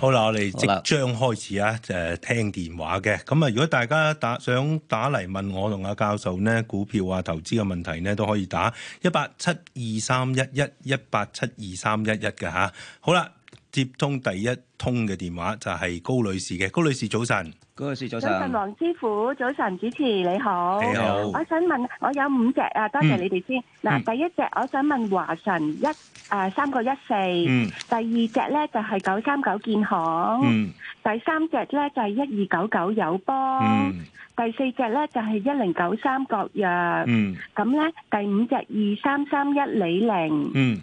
好啦，我哋即將開始啊！誒、呃，聽電話嘅咁啊，如果大家打，想打嚟問我同阿教授呢，股票啊投資嘅問題呢，都可以打一八七二三一一一八七二三一一嘅吓。好啦。接通第一通嘅電話就係高女士嘅。高女士早晨，高女士早晨。早晨，黃師傅早晨，主持你好，你好。我想問，我有五隻啊，多謝你哋先。嗱，第一隻我想問華晨一誒三個一四，第二隻咧就係九三九建行，第三隻咧就係一二九九友邦，第四隻咧就係一零九三國藥，咁咧第五隻二三三一李寧。嗯，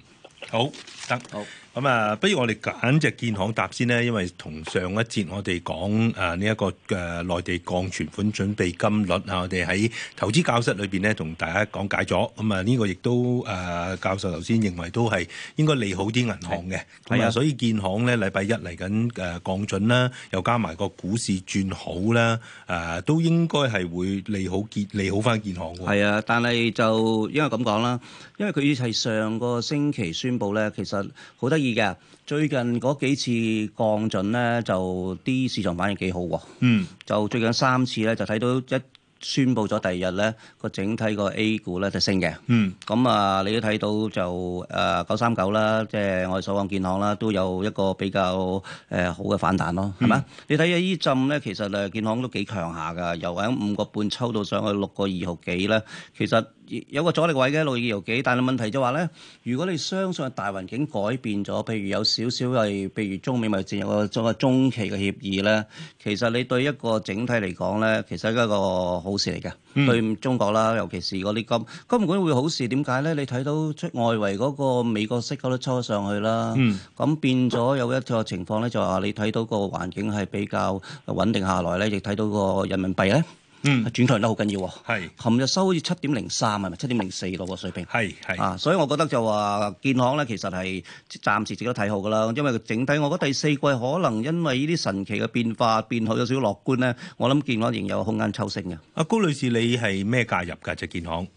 好得好。咁啊，不如我哋揀隻建行答先咧，因為同上一節我哋講誒呢一個誒、啊、內地降存款準備金率啊，我哋喺投資教室裏邊呢，同大家講解咗。咁啊，呢、這個亦都誒、啊、教授頭先認為都係應該利好啲銀行嘅。係是啊，啊所以建行咧禮拜一嚟緊誒降準啦、啊，又加埋個股市轉好啦，誒、啊、都應該係會利好健利好翻建行嘅。係啊，但係就因為咁講啦，因為佢係上個星期宣布咧，其實好得嘅最近嗰幾次降準咧，就啲市場反應幾好喎。嗯，就最近三次咧，就睇到一。宣布咗第二日咧，個整體個 A 股咧就升嘅。嗯，咁啊、嗯，你都睇到就誒九三九啦，即、呃、係我哋所望建行啦，都有一個比較誒、呃、好嘅反彈咯，係嘛？嗯、你睇下依浸咧，其實誒建行都幾強下㗎，由喺五個半抽到上去六個二毫幾咧。其實有個阻力位嘅六二毫幾，但係問題就話咧，如果你相信大環境改變咗，譬如有少少係，譬如中美咪進入個中中期嘅協議咧，其實你對一個整體嚟講咧，其實一個。好事嚟嘅，對、嗯、中國啦，尤其是嗰啲金金管局會好事，點解呢？你睇到出外圍嗰個美國息嗰度衝上去啦，咁、嗯、變咗有一個情況呢，就話你睇到個環境係比較穩定下來呢，亦睇到個人民幣呢。嗯，轉向都好緊要喎。係，琴日收好似七點零三係咪？七點零四嗰個水平。係係。啊，所以我覺得就話建行咧，其實係暫時值得睇好噶啦。因為整體我覺得第四季可能因為呢啲神奇嘅變化變好有少少樂觀咧，我諗建行仍有空間抽升嘅。阿高女士，你係咩介入嘅隻建行？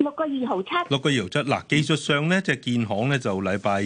六個二毫七，六個二毫七嗱。技術上咧，即係建行咧，就禮拜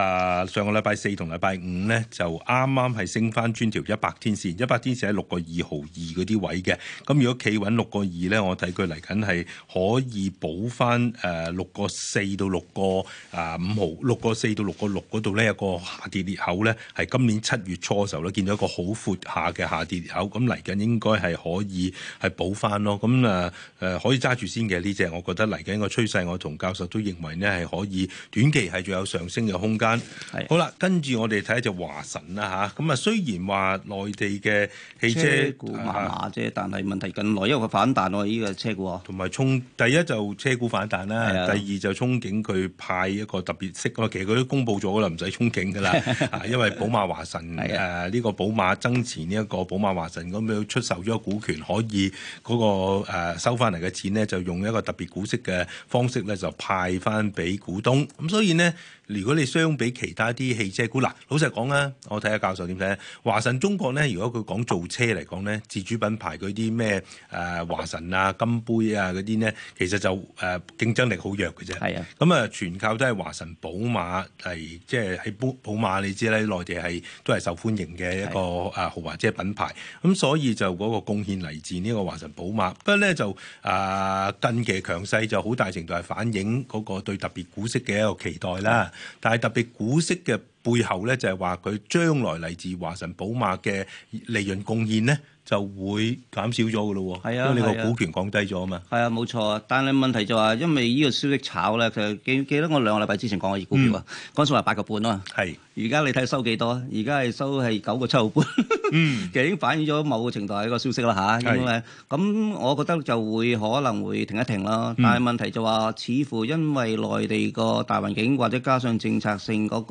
啊、呃，上個禮拜四同禮拜五咧，就啱啱係升翻穿條一百天線，一百天線喺六個二毫二嗰啲位嘅。咁如果企穩六個二咧，我睇佢嚟緊係可以補翻誒六個四到六個啊五毫，六個四到六個六嗰度咧，有個下跌裂口咧，係今年七月初嘅時候咧，見到一個好闊下嘅下跌裂口。咁嚟緊應該係可以係補翻咯。咁啊誒，可以揸住先嘅呢隻，我覺得嚟緊一個趨勢，我同教授都認為呢係可以短期係仲有上升嘅空間。係是的 好啦，跟住我哋睇下就華晨啦吓咁啊，雖然話內地嘅汽車，車股麻麻啫，啊、但係問題近來因為佢反彈，我、啊、依、呢個車股同、啊、埋衝。第一就車股反彈啦，的第二就憧憬佢派一個特別息。其實佢都公佈咗啦，唔使憧憬噶啦、 啊。因為寶馬華晨誒呢個寶馬增持呢一個寶馬華晨咁樣出售咗個股權，可以嗰個收翻嚟嘅錢呢，就用一個特別股息。嘅方式咧，就派翻俾股東，咁所以咧。如果你相比其他啲汽車股，嗱，老實講啦，我睇下教授點睇咧？華晨中國咧，如果佢講造車嚟講咧，自主品牌嗰啲咩誒華晨啊、金杯啊嗰啲咧，其實就誒、啊、競爭力好弱嘅啫。係啊，咁啊，全靠都係華晨寶馬係即係喺寶寶馬，你知咧內地係都係受歡迎嘅一個誒豪華車品牌。咁、啊、所以就嗰個貢獻嚟自呢個華晨寶馬。不過咧就誒近期強勢就好大程度係反映嗰個對特別股息嘅一個期待啦。但係特別股息嘅背後咧，就係話佢將來嚟自華晨寶馬嘅利潤貢獻咧，就會減少咗㗎咯喎，因為、啊、你個股權降低咗啊嘛。係啊，冇錯。但係問題就話、是，因為呢個消息炒咧，記記得我兩個禮拜之前講過熱股票啊，嗰陣時話八個半啊。係。而家你睇收幾多啊？而家係收係九個七毫半，其實已經反映咗某個程度係一個消息啦吓。咁我覺得就會可能會停一停咯。但係問題就話，似乎因為內地個大環境或者加上政策性嗰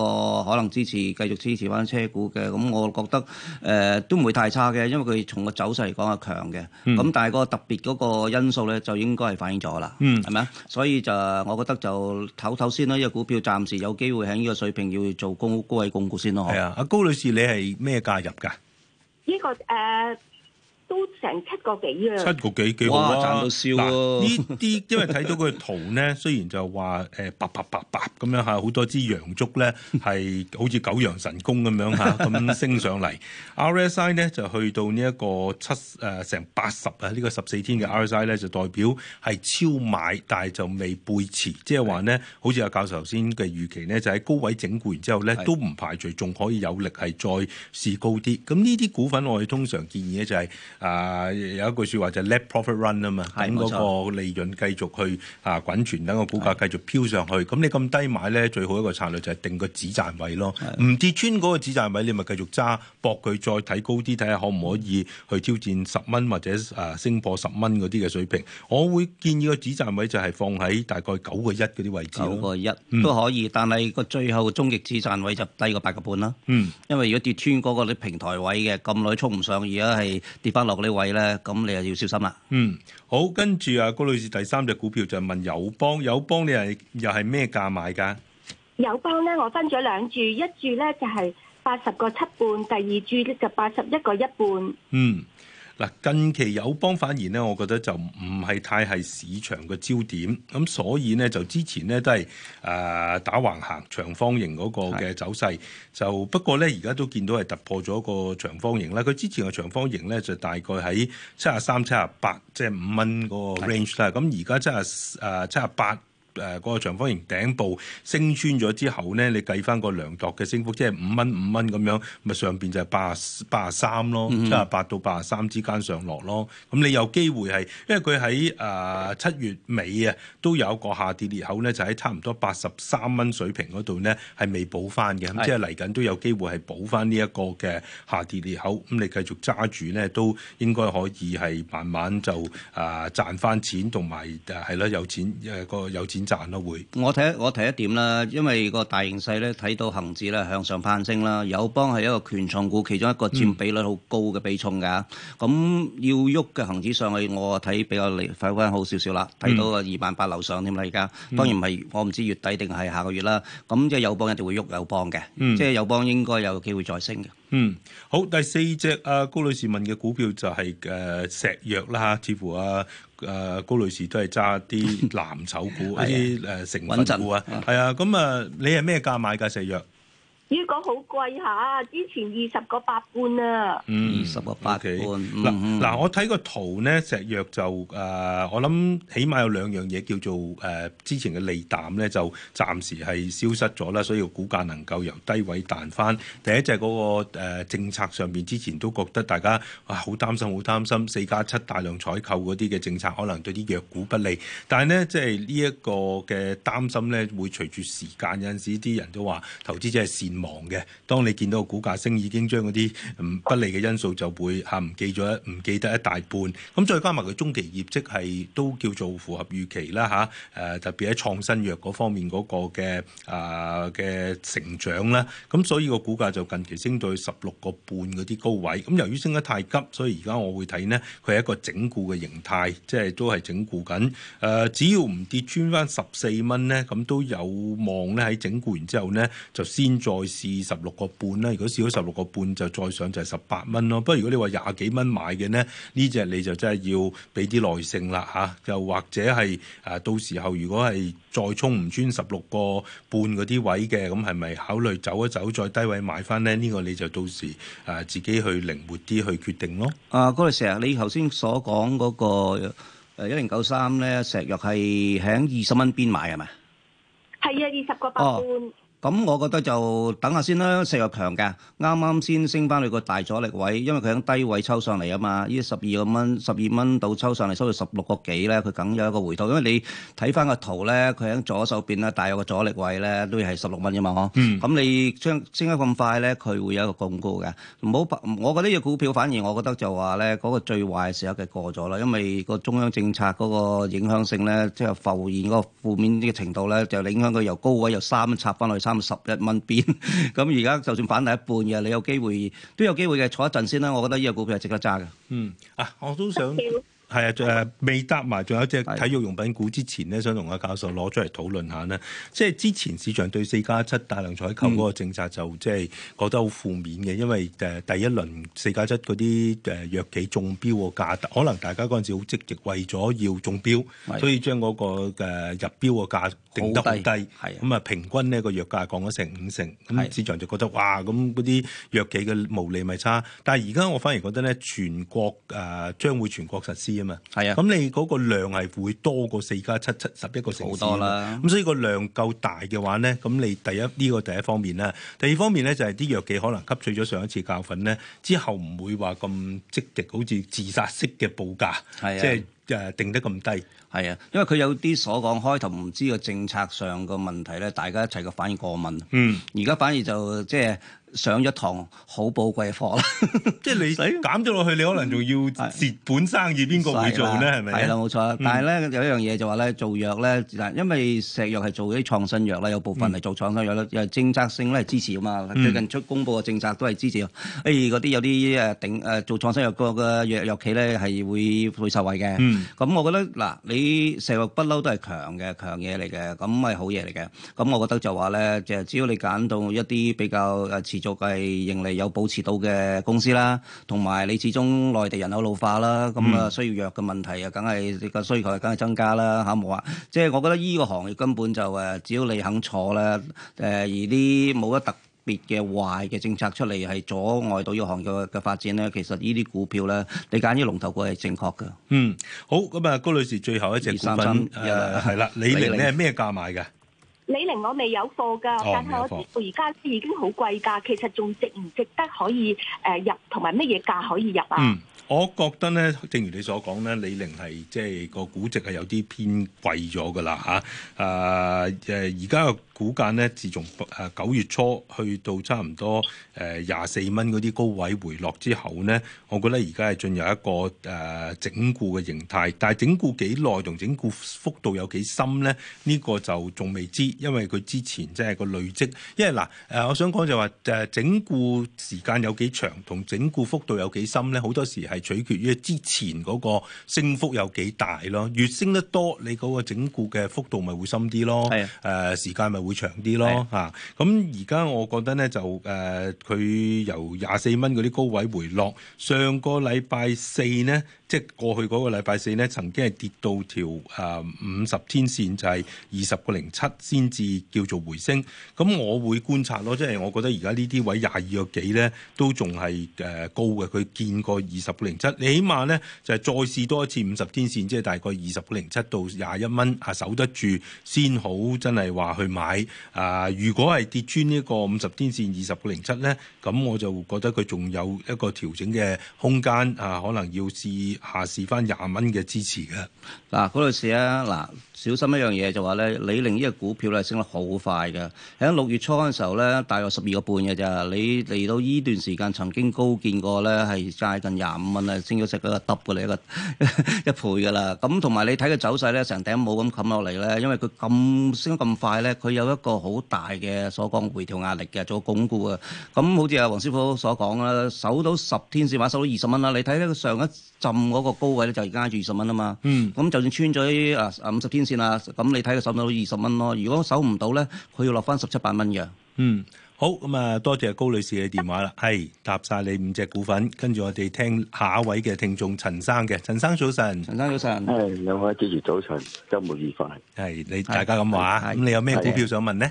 個可能支持，繼續支持翻車股嘅。咁我覺得誒都唔會太差嘅，因為佢從個走勢嚟講係強嘅。咁但係個特別嗰個因素咧，就應該係反映咗啦，係咪啊？所以就我覺得就唞唞先啦。呢個股票暫時有機會喺呢個水平要做高。喂，港股先咯，係啊，阿高女士，你係咩介入噶？呢、這個誒。Uh 都成七個幾啊！七個幾幾好啊！賺到笑呢啲，因為睇到佢圖咧， 雖然就話誒八八八八咁樣嚇，多好多支陽燭咧係好似九陽神功咁樣嚇咁升上嚟。 RSI 咧就去到呢一個七誒成八十啊！呃80，個 SI、呢個十四天嘅 RSI 咧就代表係超買，但係就未背馳，即係話咧好似阿教授頭先嘅預期咧，就喺高位整固完之後咧都唔排除仲可以有力係再試高啲。咁呢啲股份我哋通常建議咧就係、是。啊，有一句説話就係 let profit run 啊嘛，咁嗰個利潤繼續去啊滾存，等個股價繼續飄上去。咁是的 你咁低買咧，最好一個策略就係定個止賺位咯。唔是的 跌穿嗰個止賺位，你咪繼續揸，搏佢再睇高啲，睇下可唔可以去挑戰十蚊或者啊升破十蚊嗰啲嘅水平。我會建議個止賺位就係放喺大概九個一嗰啲位置咯，九個一都可以，嗯、但係個最後終極止賺位就低過八個半啦。嗯，因為如果跌穿嗰個啲平台位嘅，咁耐衝唔上，而家係跌翻落。呢位咧，咁你又要小心啦。嗯，好，跟住啊，高女士，第三隻股票就係問友邦，友邦你係又係咩價買噶？友邦咧，我分咗兩注，一注咧就係八十個七半，第二注就八十一個一半。嗯。嗱，近期友邦反而咧，我覺得就唔係太係市場嘅焦點，咁所以咧就之前咧都係誒打橫行長方形嗰個嘅走勢，是就不過咧而家都見到係突破咗個長方形啦。佢之前嘅長方形咧就大概喺七十三、七十八，即係五蚊嗰個 range 啦是。咁而家七十誒七十八。呃78，誒嗰個長方形頂部升穿咗之後咧，你計翻個量度嘅升幅，即係五蚊五蚊咁樣，咪上邊就係八十八十三咯，七十八到八十三之間上落咯。咁、嗯、你有機會係，因為佢喺誒七月尾啊，都有個下跌裂口咧，就喺差唔多八十三蚊水平嗰度咧，係未補翻嘅。咁是即係嚟緊都有機會係補翻呢一個嘅下跌裂口。咁你繼續揸住咧，都應該可以係慢慢就啊、呃、賺翻錢，同埋係啦有錢誒個有錢。有錢有錢有錢賺咯會，我睇我提一點啦，因為個大形勢咧睇到恒指咧向上攀升啦，友邦係一個權重股，其中一個佔比率好高嘅比重㗎、啊。咁、嗯、要喐嘅恒指上去，我睇比較嚟返返好少少啦。睇到啊二萬八樓上添啦，而家當然唔係我唔知月底定係下個月啦。咁、嗯、即係友邦一定會喐友邦嘅，嗯、即係友邦應該有機會再升嘅。嗯，好，第四隻啊高女士問嘅股票就係、是、誒、呃、石藥啦，似乎啊。誒、呃、高女士都係揸啲藍籌股、 一啲誒成分股啊，係、 嗯嗯、啊，咁啊、呃，你係咩價買㗎石藥？呢個好貴下，之前二十個八半啊，二十個八半。嗱嗱，我睇個圖咧，石藥就誒，我諗起碼有兩樣嘢叫做誒，之前嘅利淡咧就暫時係消失咗啦，所以股價能夠由低位彈翻。第一就係嗰個誒政策上邊，之前都覺得大家哇好擔心，好擔心四加七大量採購嗰啲嘅政策可能對啲藥股不利。但係咧，即係呢一個嘅擔心咧，會隨住時間有陣時啲人都話，投資者係羨慕。望嘅，當你見到個股價升，已經將嗰啲唔不利嘅因素就會嚇唔、啊、記咗，唔記得一大半。咁、啊、再加埋佢中期業績係都叫做符合預期啦嚇。誒、啊呃、特別喺創新藥嗰方面嗰個嘅啊嘅成長啦，咁、啊、所以個股價就近期升到十六個半嗰啲高位。咁、啊、由於升得太急，所以而家我會睇呢佢係一個整固嘅形態，即係都係整固緊。誒、啊、只要唔跌穿翻十四蚊呢，咁都有望咧喺整固完之後呢，就先再。試十六個半啦。如果試咗十六個半，就再上就係十八蚊咯。不過如果你話廿幾蚊買嘅呢，呢隻你就真係要俾啲耐性啦吓。又、啊、或者係啊，到時候如果係再衝唔穿十六個半嗰啲位嘅，咁係咪考慮走一走再低位買翻呢？呢、這個你就到時啊自己去靈活啲去決定咯。啊，嗰成，石你頭先所講嗰個誒一零九三咧，石藥係喺二十蚊邊買係咪？係啊，二十個半。哦咁、嗯、我覺得就等下先啦，石油強嘅，啱啱先升翻去個大阻力位，因為佢喺低位抽上嚟啊嘛，呢十二個蚊，十二蚊到抽上嚟，收到十六個幾咧，佢梗有一個回吐，因為你睇翻個圖咧，佢喺左手邊啦，大約個阻力位咧都係十六蚊啊嘛，嗬、嗯，咁、嗯、你將升得咁快咧，佢會有一個鞏固嘅，唔好，我覺得呢隻股票反而我覺得就話咧，嗰、那個最壞嘅時候佢過咗啦，因為個中央政策嗰個影響性咧，即、就、係、是、浮現嗰個負面嘅程度咧，就影響佢由高位由三插翻去三。十日問變，咁而家就算反底一半嘅，你有機會都有機會嘅，坐一陣先啦。我覺得呢個股票係值得揸嘅。嗯，啊，我都想。係啊，誒，未搭埋，仲有隻體育用品股之前咧，的想同阿教授攞出嚟討論下，呢即係之前市場對四加七大量採購嗰個政策就即係覺得好負面嘅。嗯、因為誒第一輪四加七嗰啲誒藥企中標個價，可能大家嗰陣時好積極為咗要中標，的所以將嗰個入標個價定得好低。咁啊平均呢個藥價降咗成五成，咁的市場就覺得哇，咁嗰啲藥企嘅毛利咪差。但係而家我反而覺得咧，全國誒、呃、將會全國實施。啊嘛，係啊，咁你嗰個量係會多過四加七七十一個城市好多啦，咁所以個量夠大嘅話咧，咁你第一呢、這個第一方面咧，第二方面咧就係啲藥劑可能吸取咗上一次教訓咧，之後唔會話咁積極，好似自殺式嘅報價，係啊，即係就定得咁低，係啊，因為佢有啲所講開頭唔知個政策上個問題咧，大家一齊個反應過敏。嗯，而家反而就即係上一堂好寶貴嘅課啦。 即係你減咗落去，你可能仲要蝕、嗯、是本生意，邊個會做咧？係咪、啊？係啦，冇錯、啊。但係咧有一樣嘢就話咧，做藥咧，但因為石藥係做啲創新藥啦，有部分係做創新藥啦，又政策性咧係支持啊嘛。嗯、最近出公布嘅政策都係支持。譬如嗰啲有啲誒頂誒做創新藥個個藥企咧係會會受惠嘅。嗯咁、嗯、我覺得嗱，你石油不嬲都係強嘅強嘢嚟嘅，咁係好嘢嚟嘅。咁我覺得就話咧，就係只要你揀到一啲比較誒持續係盈利有保持到嘅公司啦，同埋你始終內地人口老化啦，咁啊需要弱嘅問題又梗係個需求梗係增加啦吓，冇、嗯、啊！即、嗯、係、就是、我覺得依個行業根本就誒，只要你肯坐咧誒、呃，而啲冇得。特。別嘅壞嘅政策出嚟係阻礙到呢行嘅嘅發展咧，其實呢啲股票咧，你揀啲龍頭股係正確㗎。嗯，好，咁啊，高女士最後一隻股份，誒係啦，嗯呃、李寧咧係咩價買㗎？李寧我未有貨㗎，哦、貨但係我知道而家已經好貴價，其實仲值唔值得可以誒入，同埋乜嘢價可以入啊？嗯我覺得咧，正如你所講咧，李寧係即係個估值係有啲偏貴咗噶啦嚇。誒、啊、誒，而家個股價咧，自從誒九月初去到差唔多誒廿四蚊嗰啲高位回落之後咧，我覺得而家係進入一個誒、呃、整固嘅形態。但係整固幾耐同整固幅度有幾深咧？呢、呢個就仲未知，因為佢之前即係個累積。因為嗱誒、呃，我想講就話、係、誒整固時間有幾長同整固幅度有幾深咧，好多時係。係取決於之前嗰個升幅有幾大咯，越升得多，你嗰個整固嘅幅度咪會深啲咯，誒的、呃、時間咪會長啲咯嚇。咁而家我覺得咧就誒佢、呃、由廿四蚊嗰啲高位回落，上個禮拜四咧。即係過去嗰個禮拜四咧，曾經係跌到條誒五十天線，就係二十個零七先至叫做回升。咁我會觀察咯，即係我覺得而家呢啲位廿二個幾咧，都仲係誒高嘅。佢見過二十個零七，你起碼咧就係、是、再試多一次五十天線，即、就、係、是、大概二十個零七到廿一蚊啊，守得住先好，真係話去買啊、呃！如果係跌穿呢個五十天線二十個零七咧，咁我就覺得佢仲有一個調整嘅空間啊、呃，可能要試。下試翻廿蚊嘅支持嘅。嗱嗰陣時啊，嗱、啊，小心一樣嘢就話咧，李寧呢個股票咧，升得好快嘅，喺六月初嘅時候咧，大約十二個半嘅咋，你嚟到呢段時間曾經高見過咧，係接近廿五蚊啊，升咗成個揼過你一個一倍嘅啦，咁同埋你睇佢走勢咧，成頂帽咁冚落嚟咧，因為佢咁升得咁快咧，佢有一個好大嘅所講回調壓力嘅，做鞏固啊，咁好似阿黃師傅所講啦，守到十天線碼，守到二十蚊啦，你睇呢個上一浸。嗰個高位咧就而家挨住二十蚊啊嘛，咁、嗯、就算穿咗啊五十天線啦，咁你睇佢守唔到二十蚊咯？如果守唔到咧，佢要落翻十七八蚊嘅。嗯，好，咁啊，多謝高女士嘅電話啦，係答晒你五隻股份，跟住我哋聽下一位嘅聽眾陳生嘅，陳生早晨，陳生早晨，係兩位主持早晨，週末愉快，係你大家咁話，咁的的你有咩股票想問呢？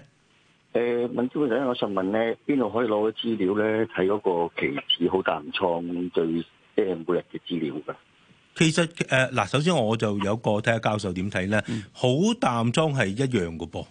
誒、呃，問主持仔。我想問咧，邊度可以攞資料咧？睇嗰個期指好大滄桑，最。即係每日嘅資料㗎，其實誒嗱、呃，首先我就有個睇下教授點睇咧，嗯、好淡莊係一樣嘅噃，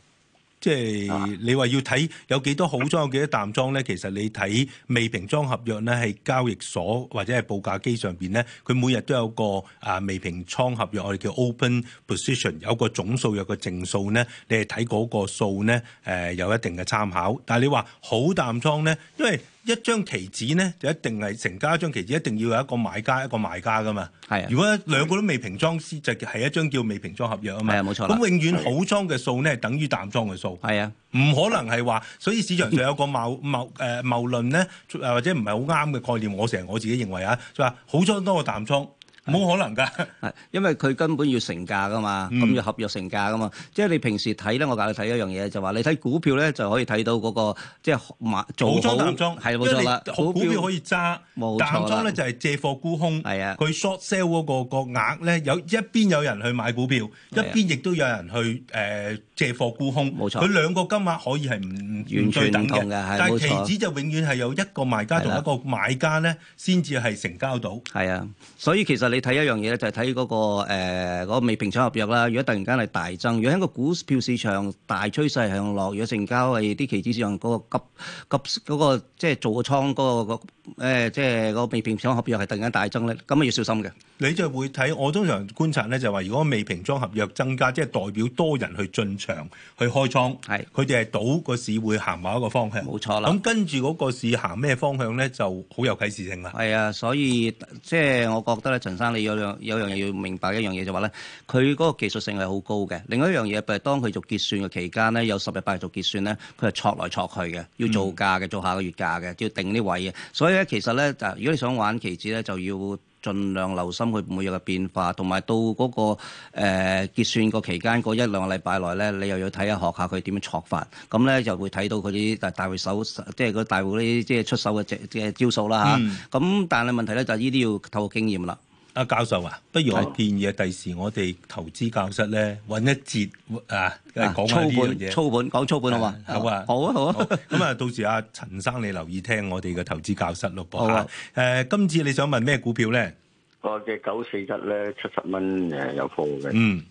即、就、係、是、你話要睇有幾多好莊，有幾多淡莊咧，其實你睇未平倉合約咧，係交易所或者係報價機上邊咧，佢每日都有個啊未平倉合約，我哋叫 open position，有個總數，有個正數咧，你係睇嗰個數咧誒、呃、有一定嘅參考，但係你話好淡莊咧，因為一張棋子咧就一定係成交一張棋子，一定要有一個買家一個賣家噶嘛。係啊，如果兩個都未平倉，就係、是、一張叫未平倉合約啊嘛。係啊，冇錯啦。咁永遠好倉嘅數咧、啊、等於淡倉嘅數。係啊，唔可能係話，所以市場上有個謬謬誒謬論咧，或者唔係好啱嘅概念。我成日我自己認為啊，就話、是、好倉多過淡倉。冇可能噶，係，因為佢根本要成價噶嘛，咁要合約成價噶嘛，即係你平時睇咧，我教你睇一樣嘢就話，你睇股票咧就可以睇到嗰個即係買做好倉淡倉，係冇錯啦。好股票可以揸，淡倉咧就係借貨沽空，係啊，佢 short sell 嗰個個額咧有一邊有人去買股票，一邊亦都有人去誒嘅貨沽空，佢錯兩個金額可以係唔唔對等同嘅，但係期指就永遠係有一個賣家同一個買家咧，先至係成交到。係啊，所以其實你睇一樣嘢咧，就係睇嗰個誒、呃嗰個、未平倉合約啦。如果突然間係大增，如果喺個股票市場大趨勢向落，如果成交係啲期指市場嗰個急急嗰個即係做個倉嗰個。誒、呃，即係個未平倉合約係突然間大增咧，咁啊要小心嘅。你就會睇，我通常觀察咧就話，如果未平倉合約增加，即係代表多人去進場去開倉，係佢哋係賭個市會行某一個方向，冇錯啦。咁跟住嗰個市行咩方向咧，就好有啟示性啦。係啊，所以即係我覺得咧，陳生你有樣有樣嘢要明白一樣嘢就話咧，佢嗰個技術性係好高嘅。另一樣嘢就係當佢做結算嘅期間咧，有十日八日做結算咧，佢係撮來撮去嘅，要做價嘅，做下個月價嘅，要定啲位嘅，所以。其實咧，就如果你想玩期指咧，就要儘量留心佢每日嘅變化，同埋到嗰、那個誒、呃、結算個期間嗰一兩個禮拜內咧，你又要睇下學下佢點樣錯法。咁咧就會睇到佢啲大會手，即係個大戶啲即係出手嘅即係招數啦嚇。咁、嗯啊、但係問題咧就呢、是、啲要透過經驗啦。阿、啊、教授啊，不如我建議啊，第時我哋投資教室咧揾一節啊，講下呢樣嘢。操盤、啊，操講操盤，操盤好嘛？好啊，好啊。咁 啊，到時阿陳生你留意聽我哋嘅投資教室咯，噃、啊。誒、啊，今次你想問咩股票咧？我隻九四一咧，七十蚊誒有貨嘅。嗯。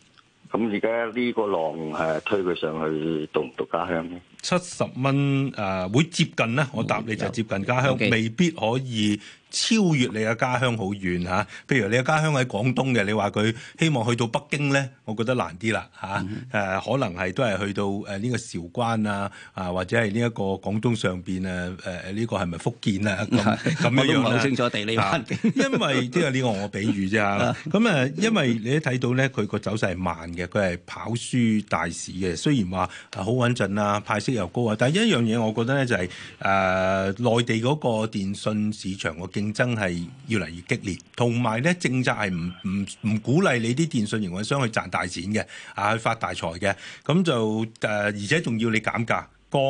咁而家呢個浪誒、啊、推佢上去，度唔度家鄉七十蚊誒、呃、會接近咧，我答你就接近家鄉，嗯 okay、未必可以超越你嘅家鄉好遠嚇、啊。譬如你嘅家鄉喺廣東嘅，你話佢希望去到北京咧，我覺得難啲啦嚇。誒、啊啊、可能係都係去到誒呢、呃這個韶關啊，啊或者係呢一個廣東上邊啊。誒、這、呢個係咪福建啊？咁咁樣樣 好清楚地理環境，因為即係呢個我比喻啫咁誒，因為你一睇到咧，佢個走勢係慢嘅，佢係跑輸大市嘅。雖然話係好穩陣啊，派又高啊！但係一樣嘢，我覺得咧就係、是、誒、呃、內地嗰個電信市場個競爭係越嚟越激烈，同埋咧政策係唔唔唔鼓勵你啲電信營運商去賺大錢嘅，啊去發大財嘅，咁就誒、呃、而且仲要你減價。降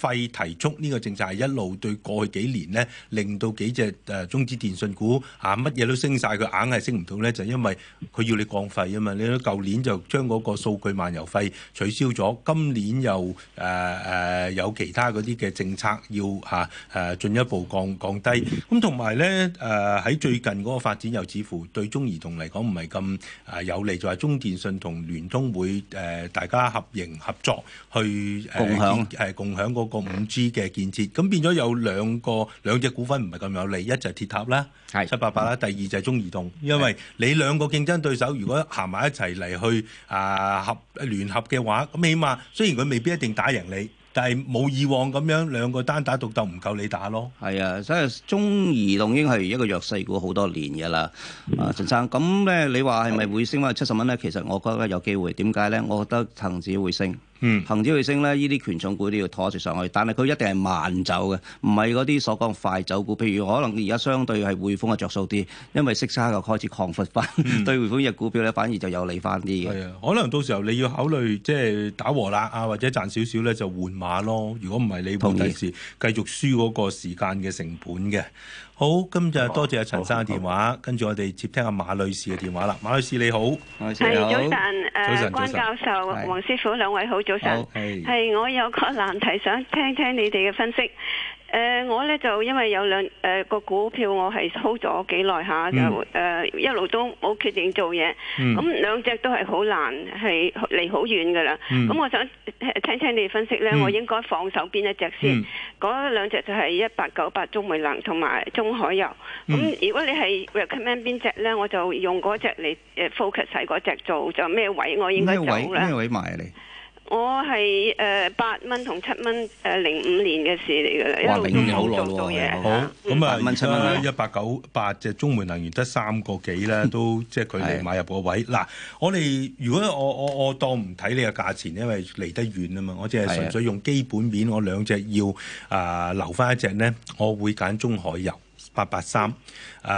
費提速呢個政策係一路對過去幾年呢，令到幾隻誒、呃、中資電信股啊乜嘢都升晒。佢硬係升唔到呢，就是、因為佢要你降費啊嘛。你都舊年就將嗰個數據漫遊費取消咗，今年又誒誒、啊啊、有其他嗰啲嘅政策要嚇誒、啊啊、進一步降降低。咁同埋呢，誒、啊、喺最近嗰個發展又似乎對中移動嚟講唔係咁誒有利，就係、是、中電信同聯通會誒、啊、大家合營合作去、啊、共享。係共享嗰個五 G 嘅建設，咁變咗有兩個兩隻股份唔係咁有利，一就係鐵塔啦，是七八八啦，第二就係中移動，因為你兩個競爭對手如果行埋一齊嚟去啊合聯合嘅話，咁起碼雖然佢未必一定打贏你，但係冇以往咁樣兩個單打獨鬥唔夠你打咯。係啊，所以中移動已經係一個弱勢股好多年嘅啦、嗯呃。陳生咁咧，你話係咪會升翻七十蚊咧？其實我覺得有機會，點解咧？我覺得恒指會升。恒指會升咧，呢啲權重股都要拖住上去，但係佢一定係慢走嘅，唔係嗰啲所講快走股。譬如可能而家相對係匯豐嘅着數啲，因為息差又開始擴闊翻，嗯、 對匯豐嘅股票咧反而就有利翻啲嘅。係啊，可能到時候你要考慮即係打和啦啊，或者賺少少咧就換馬咯。如果唔係，你冇第時繼續輸嗰個時間嘅成本嘅。好，今次就多謝阿陳生嘅電話，跟住我哋接聽阿馬女士嘅電話啦。馬女士你好，係早晨上，誒上關教授、黃師傅兩位好，早晨，係 Okay. 我有個難題想聽聽你哋嘅分析。誒、uh, 我咧就因為有兩誒、呃、個股票我係 hold 咗幾耐下，就誒一路都冇決定做嘢，咁、嗯、兩隻都係好難係離好遠㗎啦。咁、嗯、我想聽聽你分析咧，嗯、我應該放手邊一隻先？嗰、嗯、兩隻就係一八九八中煤能同埋中海油。咁、嗯、如果你係 recommend 邊隻咧，我就用嗰隻嚟 focus 喺嗰隻做，就咩位我應該走咧？咩位？賣、啊、你？我係誒八蚊同七蚊誒零五年嘅事嚟嘅，因為零五年做做嘢事。好咁啊，八蚊七蚊，一八九八隻中煤能源得三個幾啦， 都即係佢哋買入個位。嗱的，我哋如果我我我當唔睇呢個價錢，因為離得遠啊嘛，我淨係純粹用基本面。我兩隻要啊、呃、留翻一隻呢。我會揀中海油八八三。誒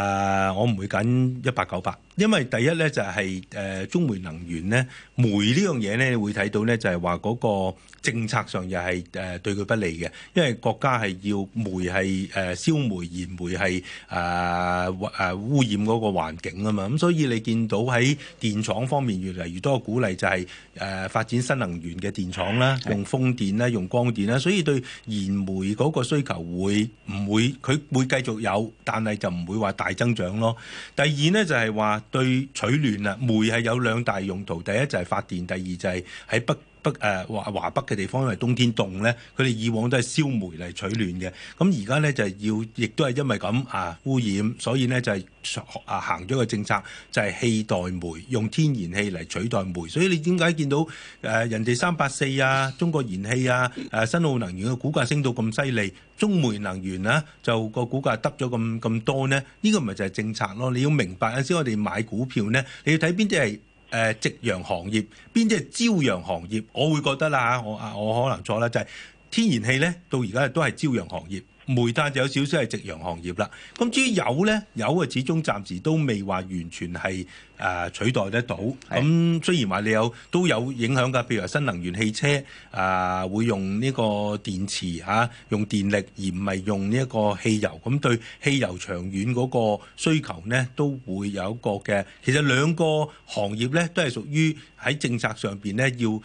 ，uh, 我唔會揀一八九八，因為第一咧就係、是、誒、uh, 中煤能源咧煤呢樣嘢咧你會睇到咧就係話嗰個政策上又係誒對佢不利嘅，因為國家係要煤係誒燒煤、燃煤係誒誒污染嗰個環境啊嘛，咁所以你見到喺電廠方面越嚟越多鼓勵就係、是、誒、uh, 發展新能源嘅電廠啦，用風電啦，用光電啦，所以對燃煤嗰個需求會唔會，佢會繼續有，但係就唔會話。大增長咯。第二咧就係話對取暖啊，煤係有兩大用途。第一就係發電，第二就係喺北。北誒、啊、華華北嘅地方因為冬天凍咧，佢哋以往都係燒煤嚟取暖嘅。咁而家咧就係要，亦都係因為咁啊污染，所以咧就係、是、啊行咗個政策，就係、是、氣代煤，用天然氣嚟取代煤。所以你點解見到誒、啊、人哋三八四啊，中國燃氣啊，誒、啊、新澳能源嘅股價升到咁犀利，中煤能源啊就個股價得咗咁咁多呢？呢、這個咪就係政策咯。你要明白先，啊、我哋買股票呢，你要睇邊啲係。誒、呃，夕陽行業邊啲係朝陽行業？我會覺得啦嚇，我啊，我可能錯啦，就係、是、天然氣咧，到而家都係朝陽行業，煤炭就有少少係夕陽行業啦。咁至於油咧，油，啊，始終暫時都未話完全係。誒取代得到咁，的雖然話你有都有影響㗎。譬如新能源汽車誒、啊，會用呢個電池嚇、啊，用電力而唔係用呢一個汽油咁，對汽油長遠嗰個需求呢，都會有一個嘅。其實兩個行業呢，都係屬於喺政策上邊呢，要誒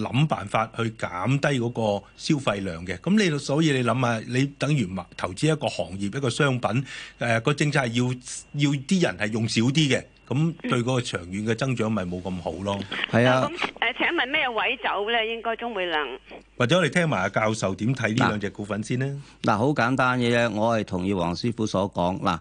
諗辦法去減低嗰個消費量嘅。咁你所以你諗下，你等於話投資一個行業一個商品誒個、啊、政策係要要啲人係用少啲嘅。咁對嗰個長遠嘅增長咪冇咁好咯。係啊，咁誒請問咩位走咧？應該鐘美能。或者我哋聽埋阿教授點睇呢兩隻股份先呢？嗱、嗯，好簡單嘅咧，我係同意黃師傅所講嗱。嗯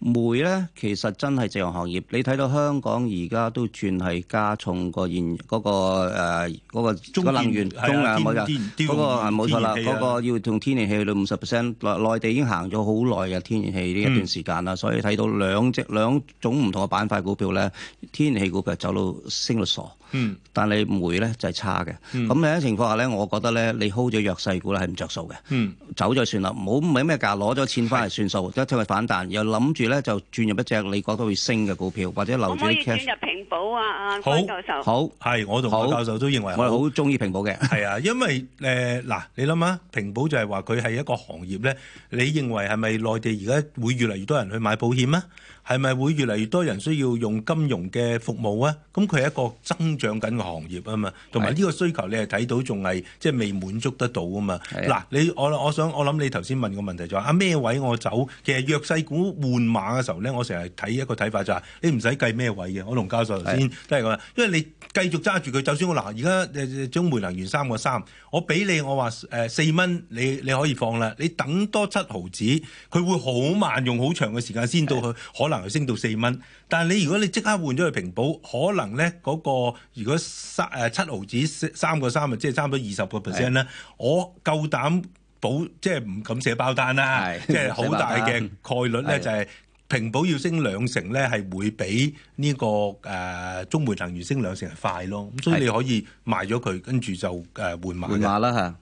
煤咧，其實真係自由行業。你睇到香港而家都轉係加重現、那個現嗰、呃那個誒燕能源中量的，冇錯嗰個冇、啊、錯啦，嗰、那個、要用天然氣去到五十 percent。內內地已經行咗好耐嘅天然氣呢一段時間啦，嗯、所以睇到兩隻兩種唔同嘅板塊股票咧，天然氣股票走到升到傻。嗯，但唔煤咧就係、是、差嘅。咁喺、嗯、情況下咧，我覺得咧，你 hold 咗弱勢股咧係唔着數嘅。嗯，走就算啦，唔好唔係咩價攞咗錢翻嚟算數，即再是反彈又諗住咧就轉入一隻你覺得會升嘅股票或者留住唔可以轉入平保啊，阿潘教授。好，係我同阿教授都認為好我好中意平保嘅。係啊，因為誒嗱、呃，你諗下平保就係話佢係一個行業咧，你認為係咪內地而家會越嚟越多人去買保險咧？係咪會越嚟越多人需要用金融嘅服務啊？咁佢係一個增長緊嘅行業啊嘛，同埋呢個需求你係睇到仲係即係未滿足得到啊嘛。嗱的，你我我想我諗你頭先問個問題就話、是、啊咩位我走？其實弱勢股換馬嘅時候咧，我成日睇一個睇法就係、是、你唔使計咩位嘅。我同教授頭先都係講，的因為你繼續揸住佢，就算我嗱而家誒中煤能源三個三，我俾你我話誒四蚊，你你可以放啦。你等多七毫子，佢會好慢，用好長嘅時間先到去的可能。升到四蚊，但係你如果你即刻換咗去平保，可能咧嗰個如果三誒七毫紙三個三啊，即係差唔多二十個 percent 啦。我夠膽保，即係唔敢寫包單啦，即係好大嘅概率咧，就係平保要升兩成咧，係會比呢個誒中煤能源升兩成係快咯。所以你可以賣咗佢，跟住就誒換馬。換馬啦吓。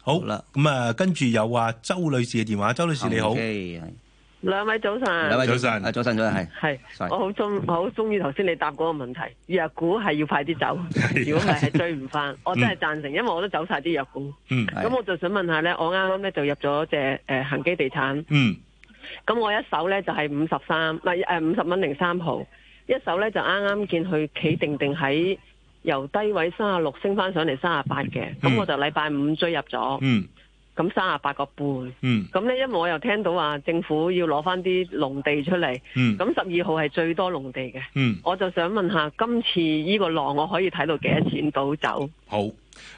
好啦，咁啊，跟住有啊，周女士嘅電話，周女士你好。兩位早晨，兩位早晨，啊，早晨早晨，係，係是 Sorry.，我好中好中意頭先你答嗰個問題，藥股係要快啲走，如果係追唔翻，我真係贊成，因為我都走晒啲藥股。咁、嗯、我就想問下呢，我啱啱呢就入咗隻誒恒基地產。咁、嗯、我一手呢就係五十三，係五十蚊零三毫，一手呢就啱啱見佢企定定喺由低位三十六升翻上嚟三十八嘅，咁、嗯、我就禮拜五追入咗。嗯咁三十八個半，咁咧、嗯，因為我又聽到話政府要攞翻啲農地出嚟，咁十二號係最多農地嘅，嗯、我就想問下今次呢個浪我可以睇到幾多錢倒走？好，好。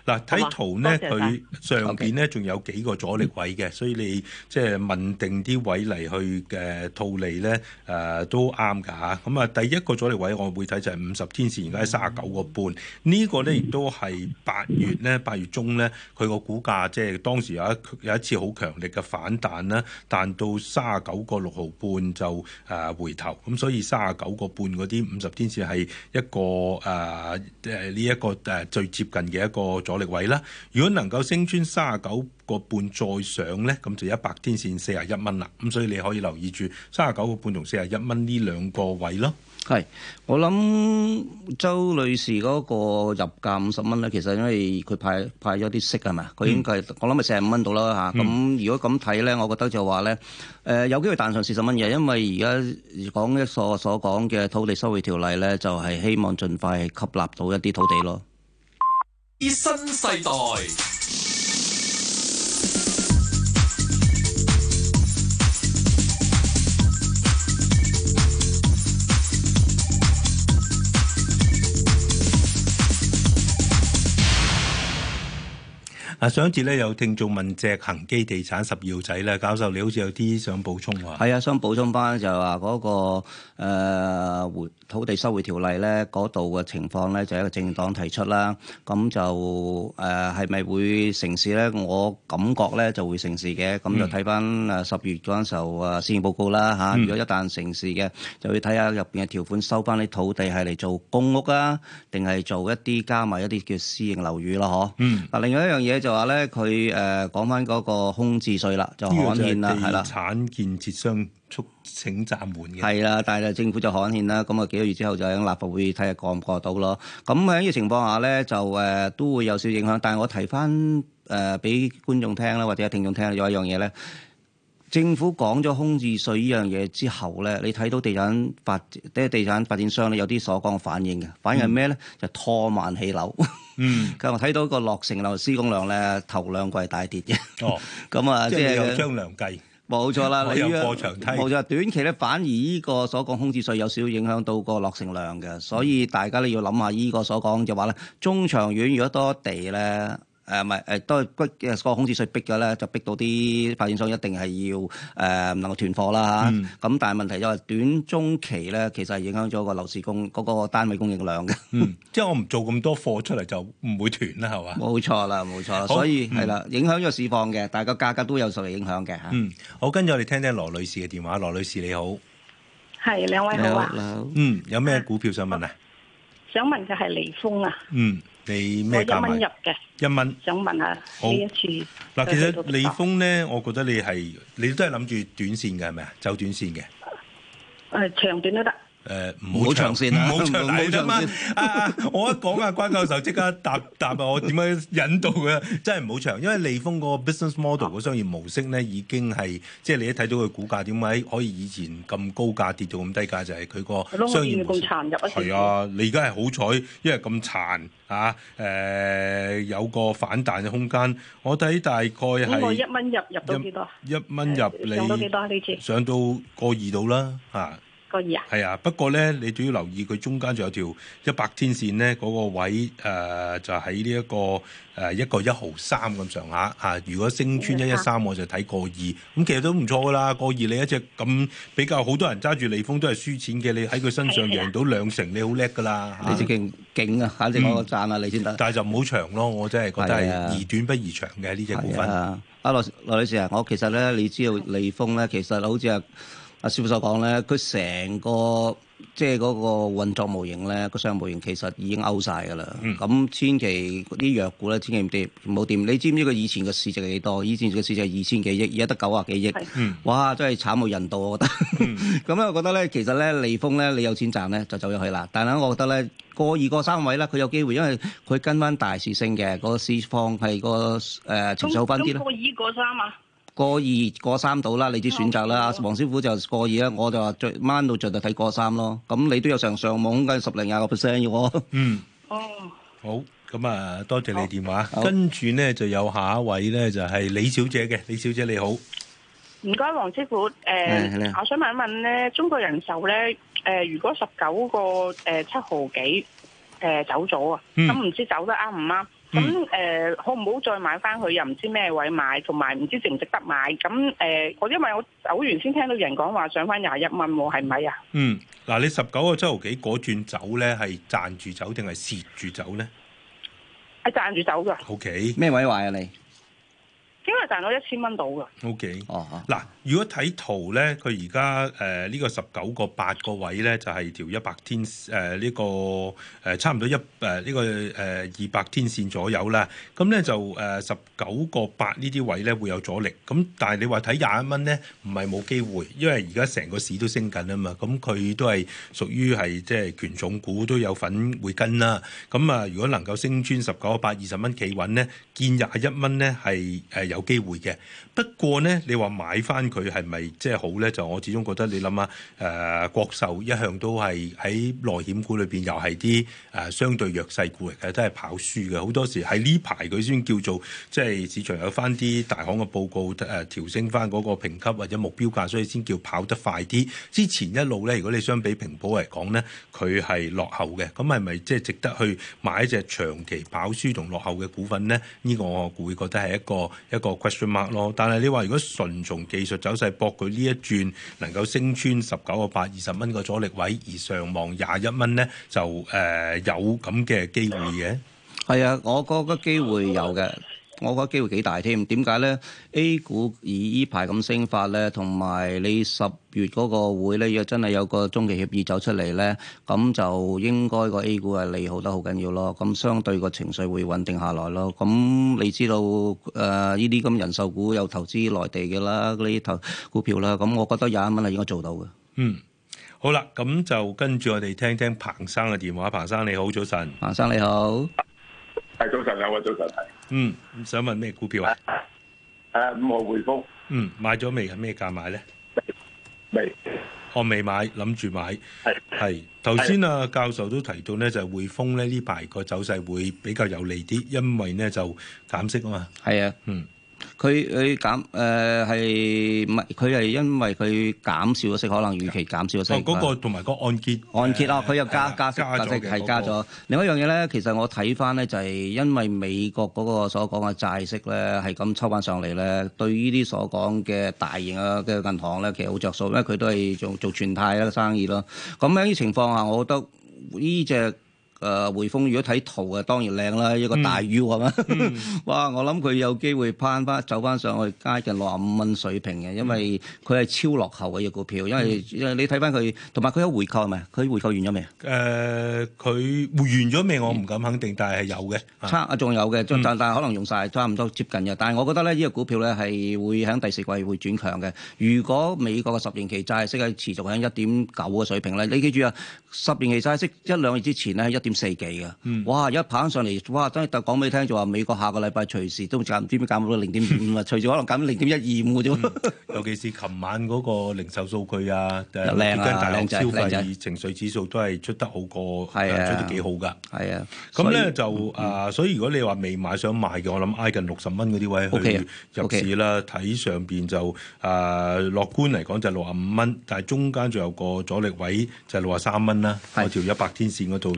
嗱，睇圖咧，佢嗎上邊咧仲有幾個阻力位嘅，Okay. 所以你即係問定啲位嚟去嘅套利咧，誒、呃、都啱㗎嚇。咁、嗯、啊，第一個阻力位我會睇就係五十天線，而家三十九個半呢個咧，亦都係八月咧，八月中咧，佢個股價即係當時有一有一次好強力嘅反彈啦，但到三十九個六毫半就誒回頭，咁所以三十九個半嗰啲五十天線係一個誒誒呢一個誒最接近嘅一個。個阻力位啦，如果能夠升穿三十九個半再上咧，咁就一百天線四十一蚊啦。咁所以你可以留意住三十九個半同四十一蚊呢兩個位咯。係，我諗周女士嗰個入價五十蚊咧，其實因為佢派派咗啲息係咪？佢應該、嗯、我諗咪四十五蚊到啦吓。咁、嗯、如果咁睇咧，我覺得就話咧，誒、呃、有機會彈上四十蚊嘅，因為而家講一所所講嘅土地收回條例咧，就係、是、希望盡快吸納到一啲土地咯。，啲新世代啊！上一節咧，有聽眾問隻恒基地產十二號仔咧，教授你好似有啲想補充話，係啊，想補充翻就係話嗰個誒活。土地收回條例咧，嗰度嘅情況咧就係一個政黨提出啦。咁就誒係咪會成事咧？我感覺咧就會成事嘅。咁就睇翻誒十月嗰陣時候誒施政報告啦嚇。如果一旦成事嘅，就要睇下入邊嘅條款收翻啲土地係嚟做公屋啊，定係做一啲加埋一啲叫私營樓宇咯嗬。嗯，嗱，另外一樣嘢就話咧，佢誒講翻嗰個空置稅啦，就罕見啦，係啦。地產建設商。促醒閘門嘅係啦，但係政府就罕見啦。咁啊，幾個月之後就喺立法會睇下過唔過到咯。咁喺呢個情況下咧，就誒、呃、都會有少影響。但係我提翻誒俾觀眾聽啦，或者聽眾聽，咗一樣嘢咧，政府講咗空置稅呢樣嘢之後咧，你睇到地產發啲地產發展商咧有啲所講反應嘅，反應係咩咧？嗯、就拖慢起樓。嗯，佢話睇到個落成樓施工量咧頭兩季大跌嘅。哦，咁啊、 嗯，即係是有張良計。冇錯啦，你又過長梯。冇錯，短期反而依個所講空置稅有少少影響到個落成量嘅，所以大家咧要諗下依個所講就話啦，中長遠如果多地呢。誒咪誒都係個空置稅逼咗咧，就逼到啲發展商一定係要誒、呃、能夠斷貨啦嚇。咁、嗯、但係問題就係短中期咧，其實係影響咗個樓市供嗰、那個單位供應量嘅、嗯。 即係我唔做咁多貨出嚟就唔會斷啦，係嘛？冇錯啦，冇錯。好所以係、嗯、啦，影響咗市況嘅，但係個價格都有受影響嘅嚇。嗯，好，跟住我哋聽聽羅女士嘅電話。羅女士你好，係兩位好啊、嗯。嗯，有咩股票想問,想問啊？想問就係利豐啊。嗯。你咩價一蚊入嘅。一蚊文。想問下呢一次。嗱好，其實利豐咧，我覺得你係，你都係諗住短線嘅係咪啊？走短線嘅。誒、呃，長短都得。誒，唔好長線，唔好長線，唔好長線。我一講啊，關教授即刻答答我點樣引導嘅，真係唔好長。因為利豐個 business model 個商業模式咧，已經係即係你一睇到佢股價點解可以以前咁高價跌到咁低價，就係佢個商業模式係啊。你而家係好彩，因為咁殘啊，誒，有個反彈嘅空間。我睇大概係一蚊入入到幾多？一蚊入你上到幾多呢？上到過二度啦，吓。個二啊，係啊，不過咧，你仲要留意佢中間仲有條一百天綫咧，嗰個位誒就喺呢一個誒一個一毫三咁上下吓。如果升穿一一三，我就睇個二，咁其實都唔錯噶啦。個二你一隻咁比較好多人揸住利豐都係輸錢嘅，你喺佢身上贏到兩成，你好叻噶啦。你隻勁勁啊！反正我贊下你先得。但係就唔好長咯，我真係覺得係宜短不宜長嘅呢隻股份。阿羅羅女士啊，我其實咧，你知道利豐咧，其實好似啊。阿師傅所講咧，佢成個即係嗰個運作模型咧，個商業模型其實已經 out 晒噶啦。咁、嗯、千祈啲藥股咧，千祈唔掂，唔好掂。你知唔知佢以前個市值係幾多？以前個市值係二千幾億，而家得九啊幾億。是哇！真係慘無人道，我覺得。咁 咧、嗯，嗯、我覺得咧，其實咧，利豐咧，你有錢賺咧，就走咗去啦。但係咧，我覺得咧，過二過三位咧，佢有機會，因為佢跟翻大市升嘅嗰個市況係、那個、呃、情緒好翻啲。咁過二過三啊！過二過三到啦，你啲選擇啦。阿、嗯、黃師傅就過二啦，我就話着掹到着就睇過三咯。咁你都有上上網嘅十零廿個 percent 嘅喎。嗯。哦。好，咁啊多謝你電話。哦、跟住咧就有下一位咧就係、是、李小姐嘅。李小姐你好。唔該，黃師傅。誒、呃，的我想問一問咧，中國人壽咧，誒、呃，如果十九個誒七毫幾誒走咗啊，咁唔、嗯、知走得啱唔啱？咁誒、嗯呃，好唔好再買翻去，又唔知咩位買，同埋唔知值唔值得買。咁誒，我、呃、因為我走完先聽到人講話上翻廿一蚊喎，係咪啊？嗯，嗱 Okay.、啊，你十九個七毫幾嗰轉走咧，係賺住走定係蝕住走咧？係賺住走㗎。O K。咩位話啊你？賺到一千蚊到㗎，OK。嗱，如果睇圖咧，佢而家誒呢個十九個八個位咧，就係條一百天誒呢、呃呢個誒、呃、差唔多一誒呢個誒二百天線左右啦。咁咧就誒十九個八呢啲位咧會有阻力。咁但係你話睇廿一蚊咧，唔係冇機會，因為而家成個市都升緊啊嘛。咁佢都係屬於係即係權重股都有份會跟啦。咁啊，如果能夠升穿十九個八二十蚊企穩咧，見廿一蚊咧係誒有機。機會嘅，不過呢，你話買翻佢係咪即係好呢？就我始終覺得你諗下，誒、呃，國壽一向都係喺內險股裏邊，又係啲誒相對弱勢股嚟嘅，都係跑輸嘅。好多時喺呢排佢先叫做即係、就是、市場有翻啲大行嘅報告誒、呃、調升翻嗰個評級或者目標價，所以先叫跑得快啲。之前一路呢，如果你相比平保嚟講呢，佢係落後嘅。咁係咪即係值得去買一隻長期跑輸同落後嘅股份呢？呢、這個我會覺得係一個一個。一個説，但係你話如果純從技術走勢，博佢呢一轉能夠升穿十九個八二十蚊個阻力位而上，望廿一蚊呢，就誒、呃、有咁嘅機會嘅。係啊，我覺得機會有嘅。我覺得機會幾大添，點解呢？A 股以呢排咁升法呢，同埋你十月嗰個會呢，如果真係有個中期協議走出嚟呢，咁就應該個 A 股係利好得好緊要咯。咁相對個情緒會穩定下來咯。咁你知道誒呢啲咁人壽股有投資內地嘅啦，呢啲投股票啦，咁我覺得廿蚊係應該做到嘅。嗯，好啦，咁就跟住我哋聽聽彭生嘅電話。彭生你好，早晨。彭生你好。係早晨，兩位早晨。嗯，想問咩股票啊？誒，五號匯豐。嗯，買咗未？係咩價買咧？未，我未買，諗住買。係係，頭先啊教授都提到咧，就匯豐咧呢排個走勢會比較有利啲，因為咧就減息啊嘛。係啊，嗯。佢佢減，誒，係唔係佢係因為佢減少咗息，可能預期減少咗息。哦，嗰個同埋個按揭。按揭啊！佢又加加息，加息係加咗。嗰個另一樣嘢咧，其實我睇翻咧就係因為美國嗰個所講嘅債息咧係咁抽翻上嚟咧，對於啲所講嘅大型嘅嘅銀行咧其實好着數，因為佢都係做做存貸嘅生意咯。咁喺啲情況下，我覺得呢隻。誒匯豐如果睇圖啊，當然靚啦，一個大 U 啊嘛，嗯、 哇！我諗佢有機會攀翻走翻上去，接近六啊五蚊水平嘅，因為佢係超落後嘅一隻股票，嗯、因為你睇翻佢，同埋佢有回購係咪？佢回購完咗未啊？佢回、呃、完咗未？我唔敢肯定，嗯、但係係有嘅，差啊，仲有嘅，但、嗯、但可能用晒，差唔多接近嘅。但係我覺得咧，呢個股票咧係會喺第四季會轉強嘅。如果美國嘅十年期債息係持續喺一點九嘅水平咧，你記住啊，十年期債息一兩月之前咧一點四幾嘅，哇！一棒上嚟，哇！真係講俾你聽，就話美國下個禮拜隨時都減，唔知點減到零點五啊！隨時可能減到零點一二五嘅啫。尤其是琴晚嗰個零售數據啊，跟大樓消費情緒指數都係出得好過，出得幾好㗎。係啊，咁咧就啊，所以如果你話未買想買嘅，我諗挨近六十蚊嗰啲位去入市啦，睇上邊就啊樂觀嚟講就六啊五蚊，但係中間仲有個阻力位就六啊三蚊啦，喺條一百天線嗰度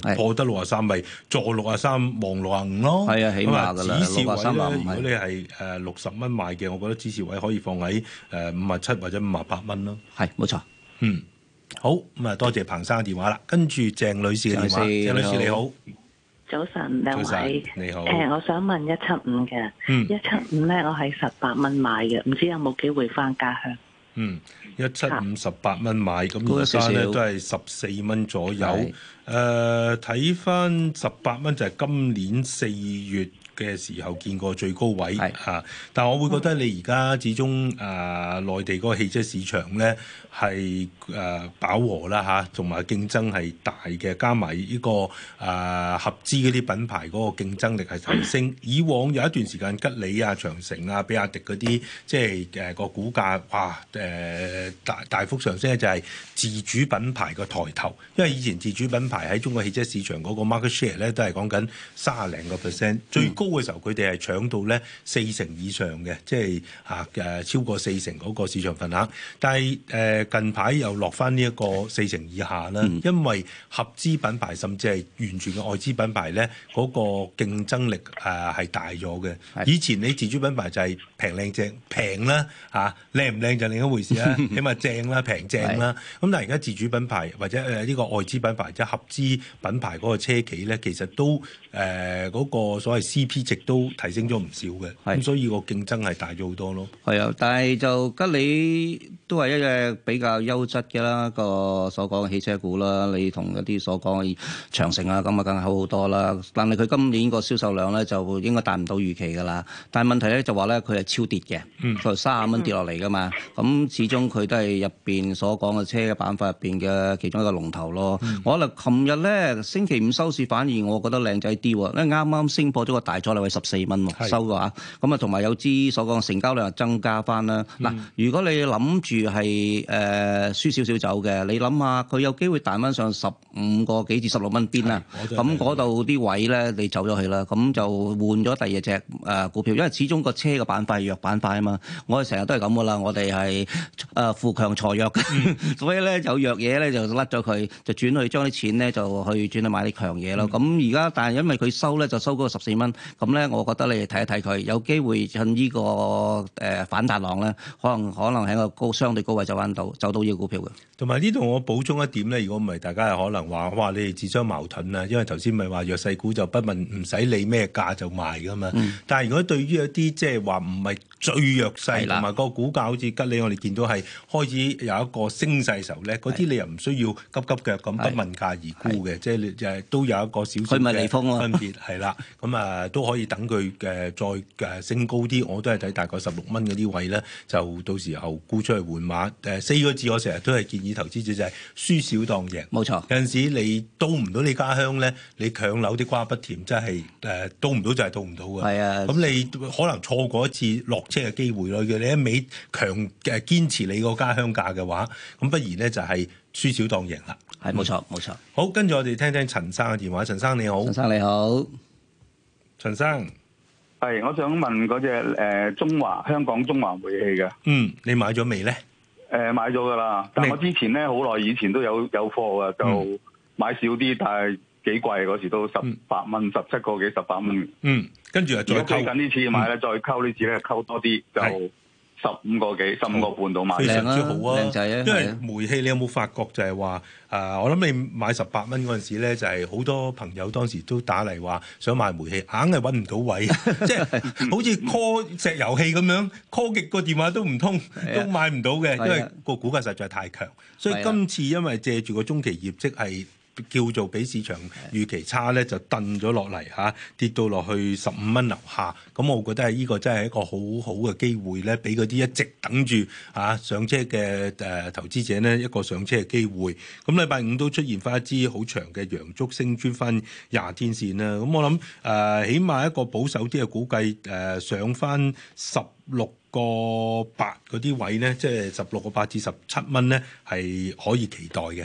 六啊三米，坐六啊三望六啊五咯。係啊，起下噶啦。六啊三米，如果你係誒六十蚊買嘅，我覺得芝士位可以放喺誒五啊七或者五啊八蚊咯。係，冇錯。嗯，好咁啊，多謝彭生電話啦。跟住鄭女士嘅電話。鄭女士，四女士你好，早晨兩位。你好。誒，我想問一七五嘅，一七五咧，我喺十八蚊買嘅，唔知有冇機會翻家鄉？嗯，一七五十八蚊買，咁而家咧都係十四蚊左右。誒是，睇返十八蚊就係今年四月嘅時候見過最高位嚇是、啊，但係我會覺得你而家始終誒內地個汽車市場咧係誒飽和啦吓，同埋競爭係大嘅，加埋呢個誒、呃、合資嗰啲品牌個競爭力係提升。以往有一段時間吉利啊、長城啊、比亞迪嗰啲，即係誒個股價哇誒、呃、大大幅上升咧，就係、是、自主品牌個抬頭，因為以前自主品牌喺中國汽車市場嗰個 market share 咧都係講緊卅啊零個 percent 最高。嘅時候，佢哋係搶到咧四成以上嘅，即係嚇誒超過四成嗰個市場份額。但係誒、呃、近排又落翻呢一個四成以下啦，因為合資品牌甚至係完全嘅外資品牌咧，嗰、嗰個競爭力誒係、啊、大咗嘅。以前你自主品牌就係平靚正，平啦嚇靚唔靚就另一回事啦。 起碼正啦，平正啦。咁的但係而家自主品牌或者誒呢個外資品牌即係合資品牌嗰個車企咧，其實都誒嗰、呃嗰個所謂 CP，一直都提升咗唔少嘅，咁是所以個競爭係大咗好多咯。係啊，但係就吉利都係一隻比較優質嘅啦。個所講嘅汽車股啦，你同一啲所講嘅長城啊，咁啊梗係好好多啦。但係佢今年個銷售量咧就應該達唔到預期噶啦。但係問題咧就話咧佢係超跌嘅，佢卅蚊跌落嚟噶嘛。咁始終佢都係入邊所講嘅車嘅板塊入邊嘅其中一個龍頭咯。嗯、我可能琴日咧星期五收市反而我覺得靚仔啲，因為啱啱升破咗個大。我嚟為十四蚊喎，收嘅話。咁啊，同埋有支所講嘅成交量又增加翻啦。嗱，如果你諗住係誒輸少少走嘅，你諗下佢有機會彈翻上十五個幾至十六蚊邊啊？咁嗰度啲位咧，你走咗去啦。咁就換咗第二隻誒股票，因為始終個車個板塊弱板塊啊嘛。我哋成日都係咁嘅啦。我哋係誒扶強鋤弱，所以咧有弱嘢咧就甩咗佢，就轉去將啲錢咧就去轉去買啲強嘢咯。咁而家但係因為佢收咧就收嗰個十四蚊。咁咧，我覺得你哋睇一睇佢有機會趁呢個誒反彈浪咧，可能可能喺個高相對高位就翻到走到呢個股票嘅。同埋呢度我補充一點咧，如果唔係大家係可能話哇，你哋自相矛盾啊！因為頭先咪話弱勢股就不問唔使理咩價就賣噶嘛。嗯。但係如果對於一啲即係話唔係最弱勢同埋個股價好似吉利，我哋見到係開始有一個升勢時候咧，嗰啲你又唔需要急急腳咁不問價而沽嘅，即係就係都有一個小小。佢咪離風分別係啦，咁啊都可以等佢嘅再誒升高啲，我都係睇大概十六蚊嗰啲位咧，就到時候沽出去換馬。誒，四個字我成日都係建議投資者就係輸少當贏。冇錯沒錯，有陣時你到唔到你家鄉咧，你強扭啲瓜不甜，真係誒到唔到就係到唔到嘅。係是啊，咁你可能錯過一次落車嘅機會咯。你一味強誒堅持你個家鄉價嘅話，咁不如咧就係輸少當贏啦。係冇錯冇錯。沒錯 好，跟住我哋聽聽陳生嘅電話。陳生你好，陳生你好。陳生係，我想問嗰隻誒中華香港中華煤氣嘅，嗯，你買咗未咧？誒、呃，買咗噶啦，你但係我之前咧好耐以前都有有貨噶，就買少啲，但係幾貴嗰時都十八蚊，十七個幾十八蚊。嗯，跟住啊，嗯、再最近呢次買咧，嗯、再溝呢次咧，溝多啲就。十五個幾，十五個半到買，非常之好啊！靚仔啊，因為煤氣你有冇發覺就係話，誒、呃，我諗你買十八蚊嗰陣時咧，就係、是、好多朋友當時都打嚟話想買煤氣，硬係揾唔到位，即係好似 call 石油氣咁樣 call 極個電話都唔通，都買唔到嘅，啊、因為個股價實在太強，所以今次因為借住個中期業績係。叫做比市場預期差咧，就燉咗落嚟嚇，跌到落去十五蚊樓下。咁、嗯、我覺得係呢個真係一個好好嘅機會咧，俾嗰啲一直等住嚇、啊、上車嘅誒、呃、投資者呢，一個上車嘅機會。咁禮拜五都出現翻一支好長嘅陽燭，升穿翻廿天線啦。咁、嗯、我諗誒、呃，起碼一個保守啲嘅估計誒、呃，上翻十六個八嗰啲位呢，即係十六個八至十七蚊呢，係可以期待嘅。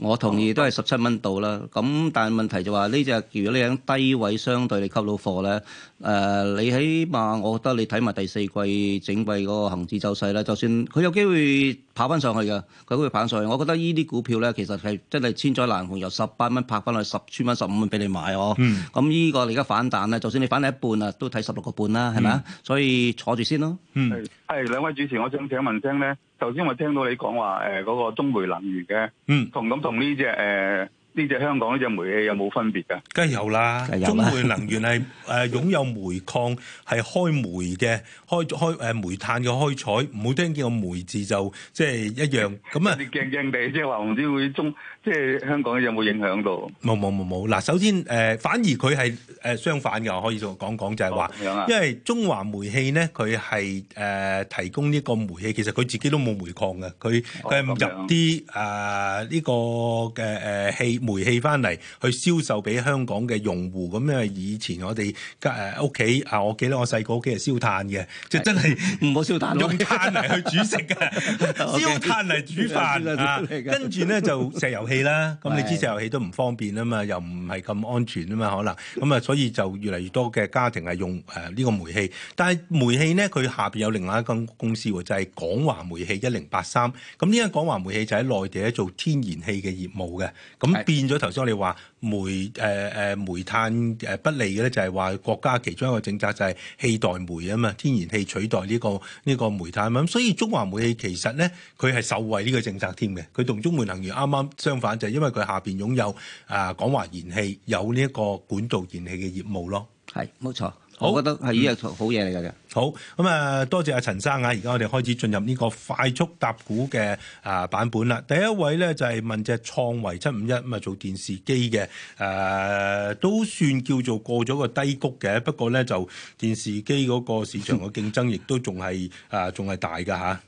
我同意都係十七蚊到啦，咁但係問題就話呢隻，如果你喺低位相對你溝到貨咧，誒、呃，你起碼我覺得你睇埋第四季整季個行市走勢啦，就算佢有機會。跑翻上去嘅，佢會跑翻上去，我覺得呢啲股票咧，其實係真係千載難逢，由十八蚊拍翻去十千蚊、十五蚊俾你買哦。咁呢、嗯、個你而家反彈咧，就算你反彈一半啊，都睇十六個半啦，係咪啊？嗯、所以坐住先咯。係、嗯，係 兩位主持，我想請問聲咧，頭先我聽到你講話誒嗰、呃嗰個中煤能源嘅，同咁同呢隻誒。呃呢隻香港呢隻煤氣有冇分別㗎？梗係有啦，有中煤能源係誒， 擁有煤礦，係開煤嘅，開開誒煤炭嘅開採，唔好聽見個煤字就即係、就是、一樣咁啊！你驚驚地即係話唔知會中。即係香港有冇影響到？冇冇冇冇嗱，首先誒、呃、反而佢係誒相反嘅，我可以同講講就係話，Okay. 因為中華煤氣咧，佢係誒提供呢個煤氣，其實佢自己都冇煤礦嘅，佢佢 Okay. 入啲誒呢個嘅誒氣煤氣翻嚟去銷售俾香港嘅用戶。咁因為以前我哋誒屋企啊，我記得我細個屋企係燒炭嘅，即真係唔好燒炭，用炭嚟去煮食嘅，燒 Okay. 炭嚟煮飯啊，跟住咧就石油氣啦，咁、嗯是嗯、你支石油氣都唔方便啊嘛，又唔係咁安全啊嘛，可能咁啊，所以就越嚟越多嘅家庭係用誒呢、呃這個煤氣。但係煤氣呢，佢下邊有另外一間公司喎，就係、是、港華煤氣一零八三。咁呢間港華煤氣就喺內地咧做天然氣嘅業務嘅。咁變咗頭先我哋話煤誒誒、呃、煤炭不利嘅咧，就係、是、話國家其中一個政策就係氣代煤啊嘛，天然氣取代呢、這個呢、這個煤炭啊嘛。咁所以中華煤氣其實呢，佢係受惠呢個政策添嘅，佢同中煤能源啱啱相反。就係因為佢下邊擁有啊、呃、港華燃氣有呢一個管道燃氣嘅業務咯，係冇錯，好，我覺得係呢樣好嘢嚟嘅。好咁啊、嗯，多謝阿陳生啊！而家我哋開始進入呢個快速搭股嘅啊版本啦。第一位咧就係、是、問隻創維七五一，咁啊做電視機嘅誒，都算叫做過咗個低谷嘅，不過咧就電視機嗰個市場嘅競爭亦都仲係啊仲係大嘅吓。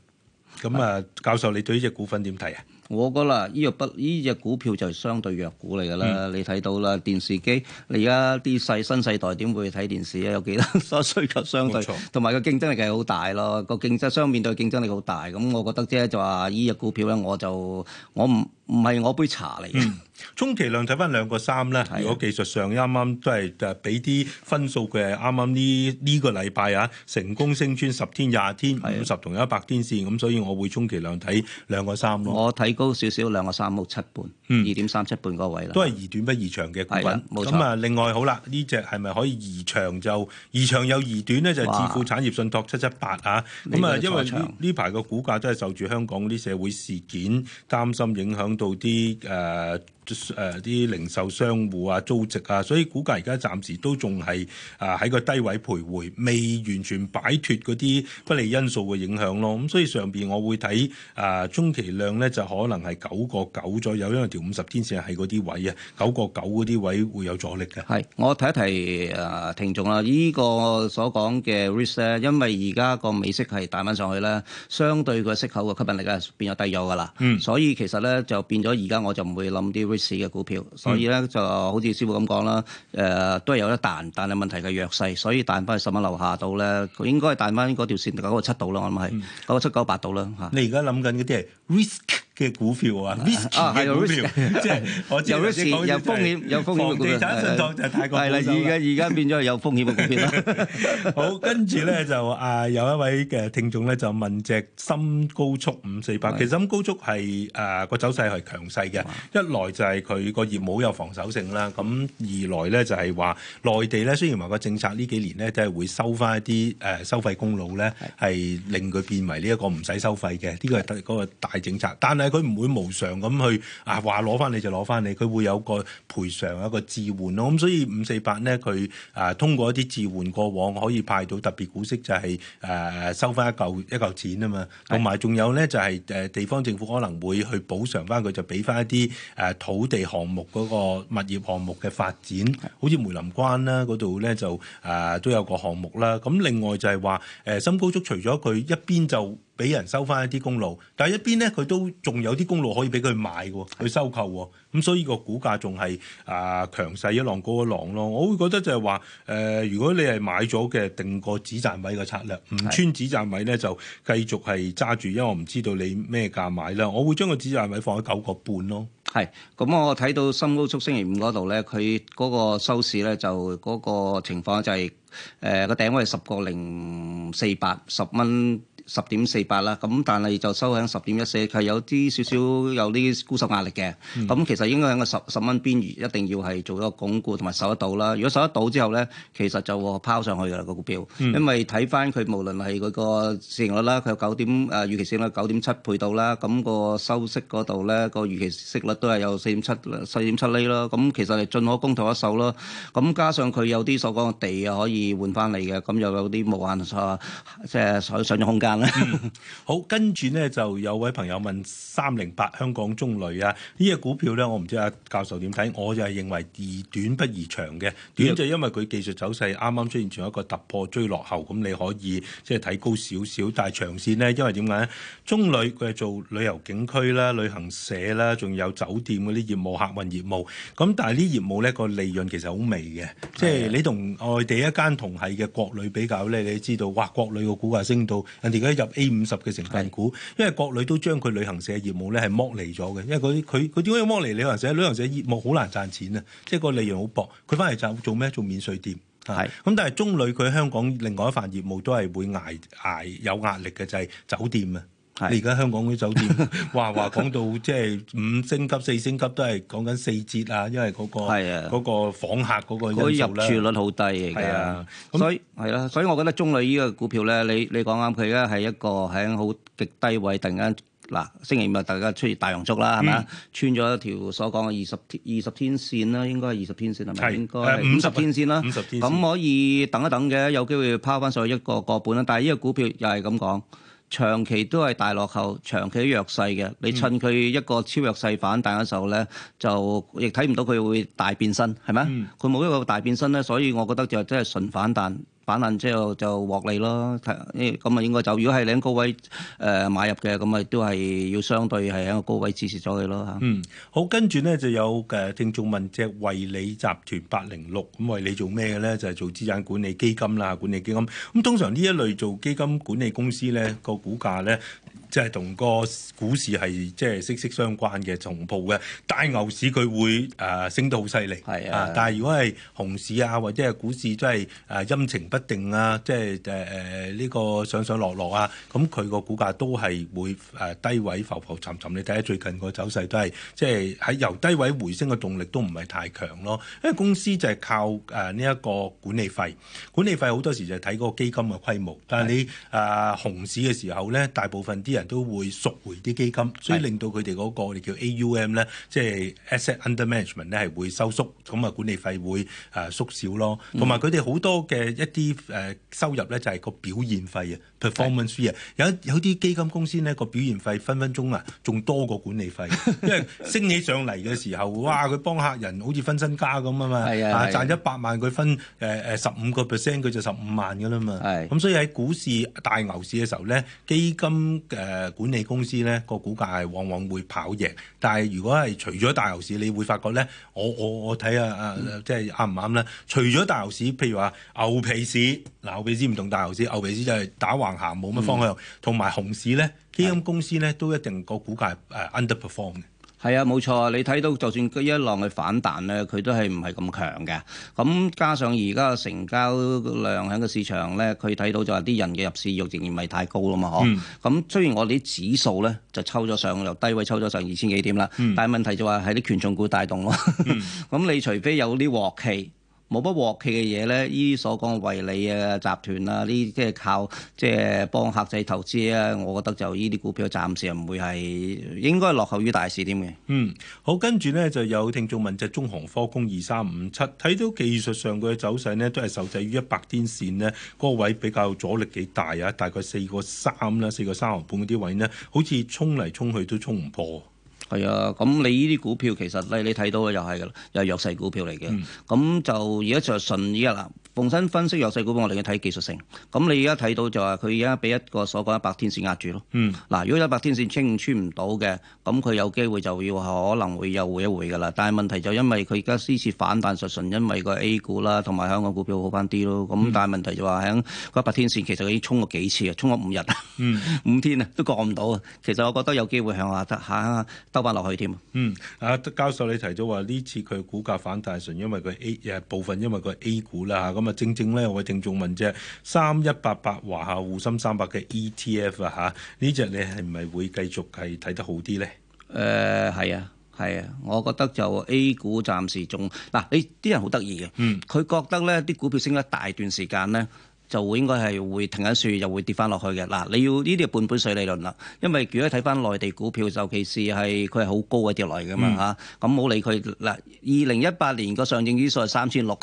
咁啊，教授你對呢隻股份點睇啊？我覺啦，依隻不依隻股票就係相對弱股嚟㗎啦。嗯、你睇到啦，電視機你而家啲細新世代點會睇電視啊？有幾多需求相對，同埋個競爭力其實好大咯。個競爭相面對競爭力好大，咁我覺得即係就話依隻股票咧，我就我唔。唔係我杯茶嚟嘅、嗯。充其量睇返兩個三呢。如果技術上啱啱都係畀啲分數嘅，啱啱呢呢個禮拜啊，成功升穿十天、廿天五十同一百天線，咁所以我會充其量睇兩個三咯。我睇高少少兩個三，七半、嗯，二點三七半個位啦。都係宜短不宜長嘅股份。咁啊，另外好啦，呢隻係咪可以宜長就宜長有宜短呢？就置富產業信託七七八啊。咁啊，因為呢排個股價真係受住香港啲社會事件擔心影響。做啲誒。誒啲、呃、零售商戶啊、租值啊，所以估計而家暫時都仲係啊喺個低位徘徊，未完全擺脫嗰啲不利因素嘅影響咯。咁、嗯、所以上邊我會睇啊、呃、中期量咧就可能係九個九左右，因為條五十天線係嗰啲位啊，九個九嗰啲位會有阻力嘅。係我提一提啊聽眾啦，呢、呃這個所講嘅 risk 咧，因為而家個美息係帶翻上去咧，相對個息口嘅吸引力啊變咗低咗噶啦。嗯，所以其實咧就變咗而家我就唔會諗啲市嘅股票，所以咧就好似師傅咁講啦，誒、呃，都係有得彈，但係問題嘅弱勢。所以彈翻去十蚊樓下度咧，應該係彈翻嗰條線九個七度啦，我諗係九個七九八度啦吓，你而家諗緊嗰啲係 risk。嘅股票啊，啊係股票，即係有時有風險，有風險嘅。地產信託就係太貴，係啦。而家而家變咗有風險嘅股票。好，跟住咧就啊，有一位嘅聽眾咧就問隻深高速五四八，其實深高速係啊個走勢係強勢嘅。一來就係佢個業務有防守性啦，咁二來咧就係話內地咧雖然話個政策呢幾年咧即係會收翻一啲誒收費公路咧係令佢變為呢一個唔使收費嘅，呢個係嗰個大政策，但係佢唔會無償咁去啊，話攞翻你就攞翻你，佢會有個賠償有個置換咯。咁所以五四八咧，佢啊、呃、通過一啲置換過往可以派到特別股息，就係、是、誒、呃、收翻一嚿一嚿錢啊嘛。同埋仲有咧就係、是、誒、呃、地方政府可能會去補償翻佢，就俾翻一啲誒、呃、土地項目嗰個物業項目嘅發展，的好似梅林關啦嗰度咧就啊、呃、都有個項目啦。咁另外就係話誒深高速除，除咗佢一邊就。俾人收翻一啲公路，但係一邊咧，佢都仲有啲公路可以俾佢買嘅，去收購咁，是的 所以個股價仲係啊強勢一浪高一浪咯。我會覺得就係話誒，如果你係買咗嘅，定個止賺位嘅策略，唔穿止賺位咧，就繼續係揸住，因為我唔知道你咩價買啦。我會將個止賺位放喺九個半咯。係咁，我睇到深高速星期五嗰度咧，佢嗰個收市咧就嗰個情況就係誒個頂位係十個零四百十蚊。十點四八啦，咁但係就收喺十點一四，佢係有啲少少有啲沽售壓力嘅。咁、嗯、其實應該喺個十十蚊邊緣，一定要係做一個鞏固同埋守得到啦。如果守得到之後咧，其實就拋上去嘅、這個股票，因為睇翻佢無論係佢個市盈率啦，佢有九點誒預期市盈率九點七倍到啦，咁、那個收息嗰度咧個預期息率都係有四點七四點七厘咯。咁其實係進可攻退可守咯。咁加上佢有啲所講嘅地可以換翻嚟嘅，咁又有啲無限啊，即、就、係、是、上上漲空間。嗯、好，跟住呢就有位朋友問三零八香港中旅啊，呢隻股票呢？我唔知阿教授點睇，我就係認為宜短不宜長嘅。短就因為佢技術走勢啱啱出現咗一個突破追落後，咁你可以即係提高少少，但係長線呢，因為點解咧？中旅佢係做旅遊景區啦、旅行社啦，仲有酒店嗰啲業務、客運業務，咁但係呢業務呢個利潤其實好微嘅，即係你同外地一間同係嘅國旅比較呢，你知道哇，國旅個股價升到而家入 A 五十嘅成分股，是因為國旅都將佢旅行社業務咧係剝離咗嘅，因為佢佢佢點解要剝離旅行社？旅行社業務好難賺錢啊，即係個利潤好薄。佢翻嚟就做咩？做免稅店，係咁。是但係中旅佢香港另外一塊業務都係會挨挨有壓力嘅，就係酒店啊。你而家香港啲酒店 話話講到即係五星級、四星級都係講緊四折啊，因為嗰、嗰個嗰的個房客嗰個入住率好低嚟㗎，所以係啦，所以我覺得中旅依個股票咧，你你講啱佢咧係一個喺好極低位突然間嗱星期五大家出現大陽燭啦，係咪、嗯、穿咗一條所講嘅二十天二十天線啦，應該係二十天線係咪的應該？五十天線啦，五十天線咁可以等一等嘅，有機會拋翻上去一個個半啦。但係依個股票又係咁講。長期都係大落後，長期弱勢嘅。你趁佢一個超弱勢反彈嘅時候呢，嗯、就亦睇唔到佢會大變身，係咪？佢冇、嗯、一個大變身呢，所以我覺得就真係純反彈。反彈之後就獲利咯，咁啊應該就如果係喺高位誒、呃、買入嘅，咁啊都係要相對係喺個高位支持咗佢咯嚇。嗯，好，跟住呢就有誒聽眾問即係惠理集團八零六，咁惠理做咩嘅咧？就係、是、做資產管理基金啦，管理基金。咁通常呢一類做基金管理公司咧，個股價咧。即係同個股市係即係息息相關嘅重鋪嘅，大牛市佢會誒、呃、升得好犀利，係的啊！但係如果係熊市啊，或者係股市即係誒陰晴不定啊，即係誒誒呢個上上落落啊，咁佢個股價都係會誒低位浮浮沉沉。你睇下最近個走勢都係即係喺由低位回升嘅動力都唔係太強咯，因為公司就係靠誒呢一個管理費管理費好多時就係睇個基金嘅規模。但係你誒的、啊、熊市嘅時候咧，大部分啲人，人。都會贖回啲基金，所以令到佢哋嗰個你叫 AUM 咧，即係 asset under management 咧係會收縮，咁啊管理費會誒縮、呃、少咯。同埋佢哋好多嘅一啲誒收入咧就係個表現費啊，performance fee 啊是。有有啲基金公司咧個表現費分分鐘啊仲多過管理費，因為升起上嚟嘅時候， 哇！佢幫客人好似分身家咁的啊嘛，啊的賺一百萬佢分誒誒十五個 percent 佢就十五萬噶啦嘛。係、嗯、咁，所以喺股市大牛市嘅時候咧，基金誒。嗯誒管理公司咧個股價係往往會跑贏，但係如果係除咗大牛市，你會發覺咧，我我我睇下啊、呃，即係啱唔啱咧？除咗大牛市，譬如話牛皮市，嗱牛皮市唔同大牛市，牛皮市就係打橫行，冇乜方向，同埋、嗯、熊市咧，基金公司咧都一定個股價係誒 underperform 嘅。係啊，冇錯，你睇到就算佢一浪去反彈咧，佢都係唔係咁強嘅。咁加上而家嘅成交量喺個市場咧，佢睇到就話啲人嘅入市慾仍然唔係太高啊嘛，嗬。咁雖然我哋啲指數咧就抽咗上由低位抽咗上二千幾點啦，但係問題就話係啲權重股帶動咯。咁你、嗯、 除非有啲鑊氣。冇乜鑊氣嘅嘢咧，依所講惠理啊集團啊，呢啲即係靠即係幫客仔投資啊，我覺得就呢啲股票暫時唔會係應該落後於大市添嘅。嗯，好，跟住呢就有聽眾問隻中航科工二三五七，睇到技術上佢嘅走勢呢，都係受制於一百天線呢嗰、嗰個位比較阻力幾大啊，大概四個三啦，四個三毫半啲位呢，好似衝嚟衝去都衝唔破。係啊，咁你呢啲股票其實咧，你睇到嘅又係㗎，又係弱勢股票嚟嘅。咁、嗯、就而家就係順依一啦。逢身分析弱勢股，幫我哋要睇技術性。咁你而家睇到就係佢而家俾一個所講一百天線壓住咯。嗱，如果一百天線穿穿唔到嘅，咁佢有機會就要可能會又回一回噶啦。但係問題就因為佢而家先次反彈，純純因為個 A 股啦，同埋香港股票好翻啲咯。咁但係問題就話喺一百天線，其實已經衝過幾次啊，衝咗五日五天啊都過唔到。其實我覺得有機會向下得下兜翻落去添。嗯，啊教授你提到話呢次佢股價反彈純因為佢 A 部分因為佢 A 股啦咁啊，正正咧，我位聽眾問隻三一八八華夏滬深三百嘅 ETF 啊，吓呢隻你係咪會繼續係睇得好啲咧？誒、呃，係啊，係啊，我覺得就 A 股暫時仲嗱、啊，你啲人好得意嘅，佢、嗯、覺得咧啲股票升一大段時間咧。就應該係會停緊住，就會跌翻落去嘅。你要呢啲係半杯水理論啦。因為如果睇翻內地股票，尤其是係佢係好高嘅跌落嚟嘅嘛嚇，咁冇、嗯啊、理佢二零一八年個上證指數係三千六，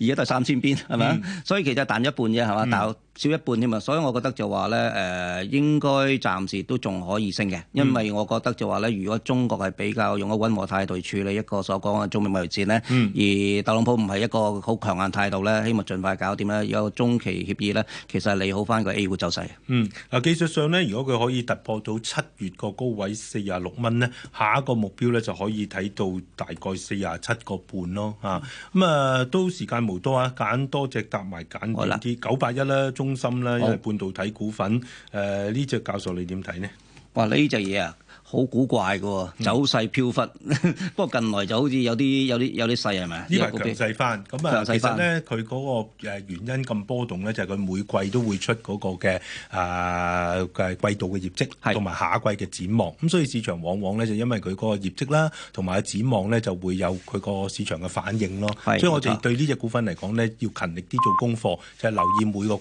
而家都係三千邊，係咪、嗯、所以其實賺一半啫，係嘛？嗯少一半添嘛，所以我覺得就話咧，誒、呃、應該暫時都仲可以升嘅，因為我覺得就話咧，如果中國係比較用一個溫和態度處理一個所講嘅中美貿易戰呢，嗯、而特朗普唔係一個好強硬態度咧，希望盡快搞掂咧，有一個中期協議咧，其實係利好翻個 A 股走勢。嗯，嗱、啊、技術上呢，如果佢可以突破到七月個高位四廿六蚊呢，下一個目標咧就可以睇到大概四廿七個半咯，嚇咁啊、嗯、啊都時間無多啊，揀多隻搭埋，揀遠啲九八一啦，中、啊。中心啦，因為半導體股份誒，呢隻教授你點睇咧？哇，呢隻嘢啊，好古怪㗎，走勢飄忽。不過近來就好似有啲有啲有啲細係咪？呢排強勢翻咁啊，其實咧佢嗰個誒原因咁波動咧，就係佢每季都會出嗰個嘅誒嘅季度嘅業績，同埋下季嘅展望。咁所以市場往往咧就因為佢嗰個業績啦，同埋展望咧就會有佢個市場嘅反應咯。所以我哋對呢隻股份嚟講咧，要勤力啲做功課，就係留意每個。